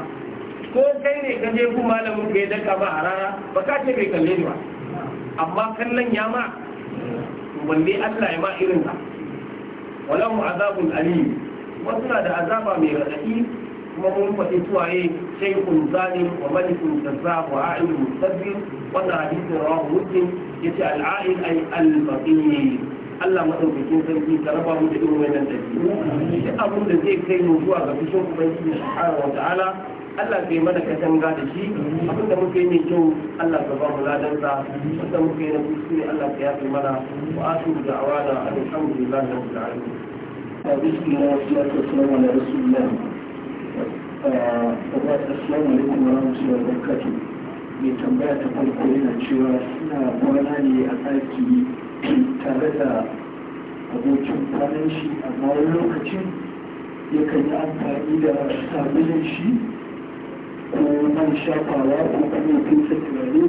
ko kai ne ka je ku malamin ka ya daka ba harara ba ka ce bai kalle ni ba amma kallon ya ma wanne Allah ya ma irin ka walahu azabun alim wasu na da azaba mai raɗaɗi kuma mun faɗi suwaye shaikun zalim wa malikun kazzab wa a'in mustabbir wannan hadisin rawahu muslim yace al'a'in ay al-faqih Allah madaukakin sarki ka raba mu da irin wannan dabi'u duk abin da zai kai mu zuwa ga fushin ubangiji subhanahu wa ta'ala Allah ka yi mana katanga da shi abinda muke mai kyau Allah ka ba mu ladansa wanda muke na kuskure Allah ka yafe mana wa asu da awada alhamdulillah rabbil alamin بسم الله والصلاة والسلام على رسول الله السلام alaikum warahmatullahi mai tambaya ta farko yana cewa suna kwana ne a ɗaki tare da abokin kwanan shi amma wani lokacin yakan yi amfani da sabulin shi ko man shafawa ko kuma fesa turare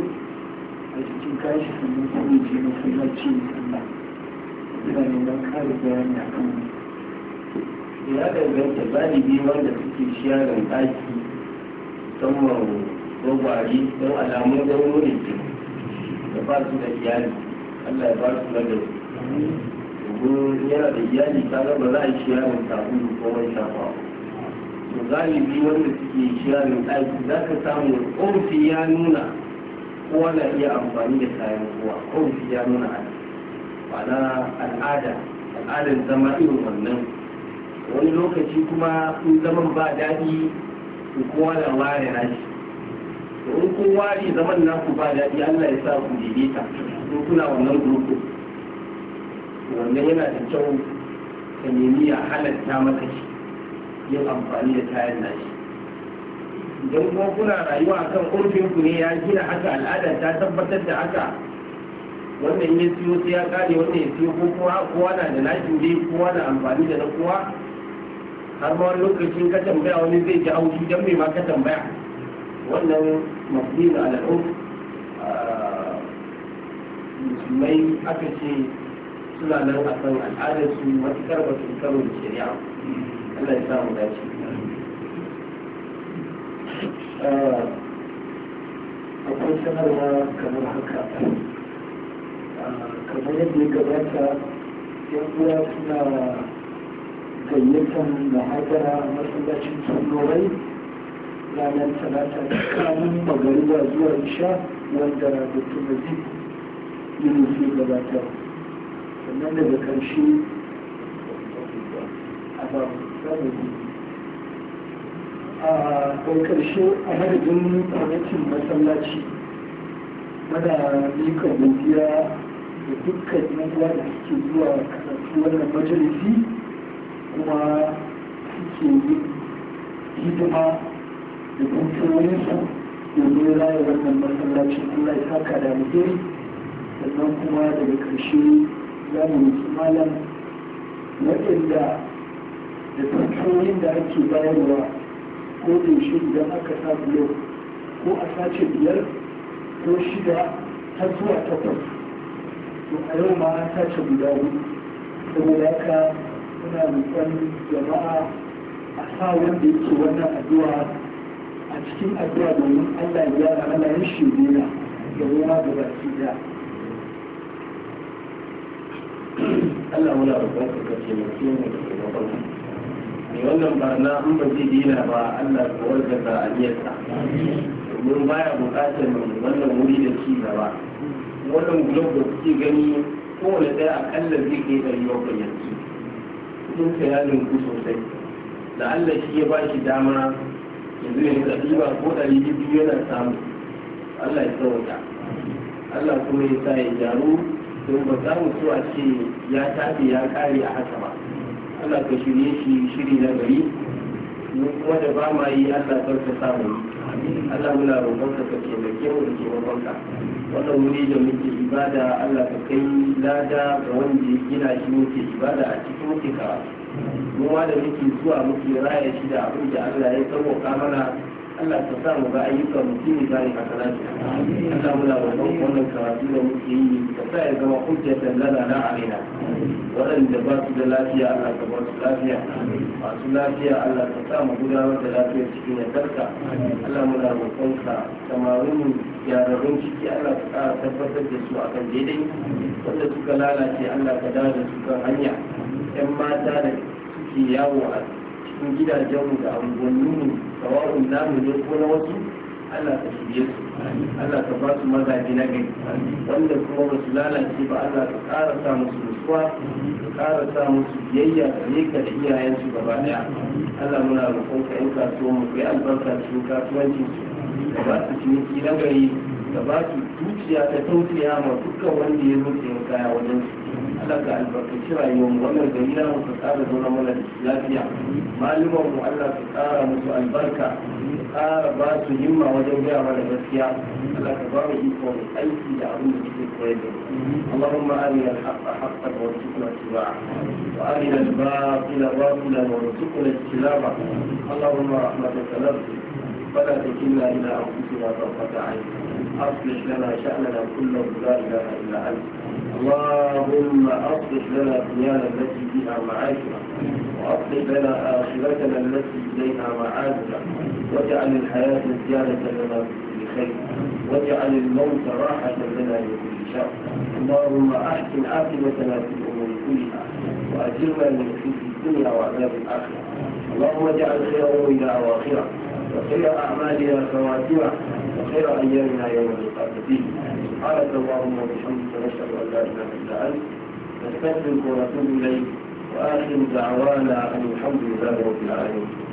a cikin kashi sannan kuma je masallaci sallah. Ina neman ƙarin bayani akan ya danganta galibi wanda suke sharin ɗaki musamman gwagwari don alamun gauro da ke da ba su da iyali allah ya ba su na da domin yana da iyali ta ba za a sharin sabulu ko mai shafawa to galibi wanda suke sharin ɗaki za ka samu ƙofi ya nuna kowa na iya amfani da kayan kowa ƙofi ya nuna ma'ana al'ada al'adar zama irin wannan wani lokaci kuma sun zaman ba daɗi ku kowa da ware shi, da in kun ware zaman na ku ba daɗi Allah ya sa ku daidaita in kuna wannan gurgu wannan yana da kyau ka nemi ya halatta maka shi yin amfani da kayan shi. idan kuma kuna rayuwa kan urfin ku ne ya gina haka al'ada ta tabbatar da haka wannan ya siyo sai ya kare wannan ya siyo ko kowa kowa na da nashi dai kowa na amfani da na kowa har ma wani lokacin ka tambaya wani zai ji auki don me ma ka tambaya wannan mafdin al'um musulmai aka ce suna nan a kan al'adarsu matuƙar ba su karo da shari'a Allah ya samu dace akwai sanarwa kamar haka kamar yadda ya gabata yan uwa suna gayyatan da haidara masallacin tsallorai ranar talata ta kamun magariba zuwa isha wanda da mazid yunus ya gabata sannan daga karshe a babu a karshe a madadin kwamitin masallaci mana mika godiya da dukkan yan uwa da suke zuwa karatu wannan majalisi kuma suke yi hidima da da zai raya wannan masallacin Allah ya saka da alheri sannan kuma daga ƙarshe za mu yi malam waɗanda da kuntoyin da ake bayarwa ko da yaushe idan aka sa biyar ko a sace biyar ko shida har zuwa takwas to a yau ma an sace guda biyu saboda haka muna roƙon jama'a a sa wanda yake wannan addu'a a cikin addu'a domin Allah ya gyara Allah ya shirye na da ruwa da baki da Allah muna roƙon ka ka ce mai kiyon da ke gaban mai wannan barna an ba zai dina ba Allah ka warga da aliyarsa domin baya buƙatar wannan wuri da ci gaba wannan gulob da kuke gani kowane ɗaya akalla zai kai ɗari bakwai yanzu ƙarfinsa ya ku sosai da allah shi ya ba shi dama yanzu ya rika ɗiba ko ɗari biyu yana samu allah ya tsawata allah kuma ya sa ya gyaru don ba za mu so a ce ya tafi ya kare a haka ba allah ka shirye shi shiri na gari mu kuma da ba ma yi allah ka samu Allah muna roƙonka ka ke da kyau da kewa roƙonka wannan wuri da muke ibada Allah ka kai lada ga wanda ya gina shi muke ibada a cikin muke karatu mu da muke zuwa muke raya shi da abin da Allah ya sauƙaƙa mana Allah ta sa mu ga ayyukan mu shine zai hasalati Allah muna roƙon wannan karatu da muke yi ka sa ya zama hujjatan lana na alaina waɗanda ba su da lafiya Allah ka ba su lafiya masu lafiya Allah ka sa mu gudanar da lafiyar cikin yardarka Allah mu muna roƙon ka samarin yararrun ciki Allah ka ƙara tabbatar da su akan daidai wanda suka lalace Allah ka dawo da su kan hanya 'yan mata da suke yawo a cikin gidajenmu da unguwanninmu tsawon namu ne ko na wasu Allah ka shirye su Allah ka ba su mazaji na gari wanda kuma ba su lalace ba Allah ka ƙara sa musu nutsuwa ka ƙara sa musu biyayya gare ka da iyayensu gaba daya Allah muna roƙon ka ƴan kasuwa mu kai albarka cikin kasuwancin su ka ba su ciniki na gari ka ba su zuciya ta tausaya ma dukkan wanda ya zo sayan kaya wajen su Allah ka albarkaci rayuwar mu wannan gari na mu ka tsara zauna mana lafiya malumar mu Allah ka tsara musu albarka ka tsara ba su himma wajen gaya mana gaskiya Allah ka ba mu ikon aiki da abin da suke koyar da Allahumma arina al-haqqa haqqan wa warzuqna ittiba'a wa arina al-batila batilan wa warzuqna ijtinaba Allahumma rahmataka la فلا تكلنا إلى أنفسنا طرفة عين أصلح لنا شأننا كله لا إله إلا أنت اللهم أصلح لنا دنيانا التي فيها معاشنا وأصلح لنا آخرتنا التي إليها معادنا واجعل الحياة زيادة لنا في كل خير واجعل الموت راحة لنا من كل شر اللهم أحسن عاقبتنا في الأمور كلها وأجرنا من خزي الدنيا وعذاب الآخرة اللهم اجعل خير أمورنا أواخرة وخير أعمالها فواتها وخير أيامنا يوم القيامة فيه سبحانك اللهم وبحمدك نشهد أن لا إله إلا أنت نستغفرك ونتوب إليك وآخر دعوانا أن الحمد لله رب العالمين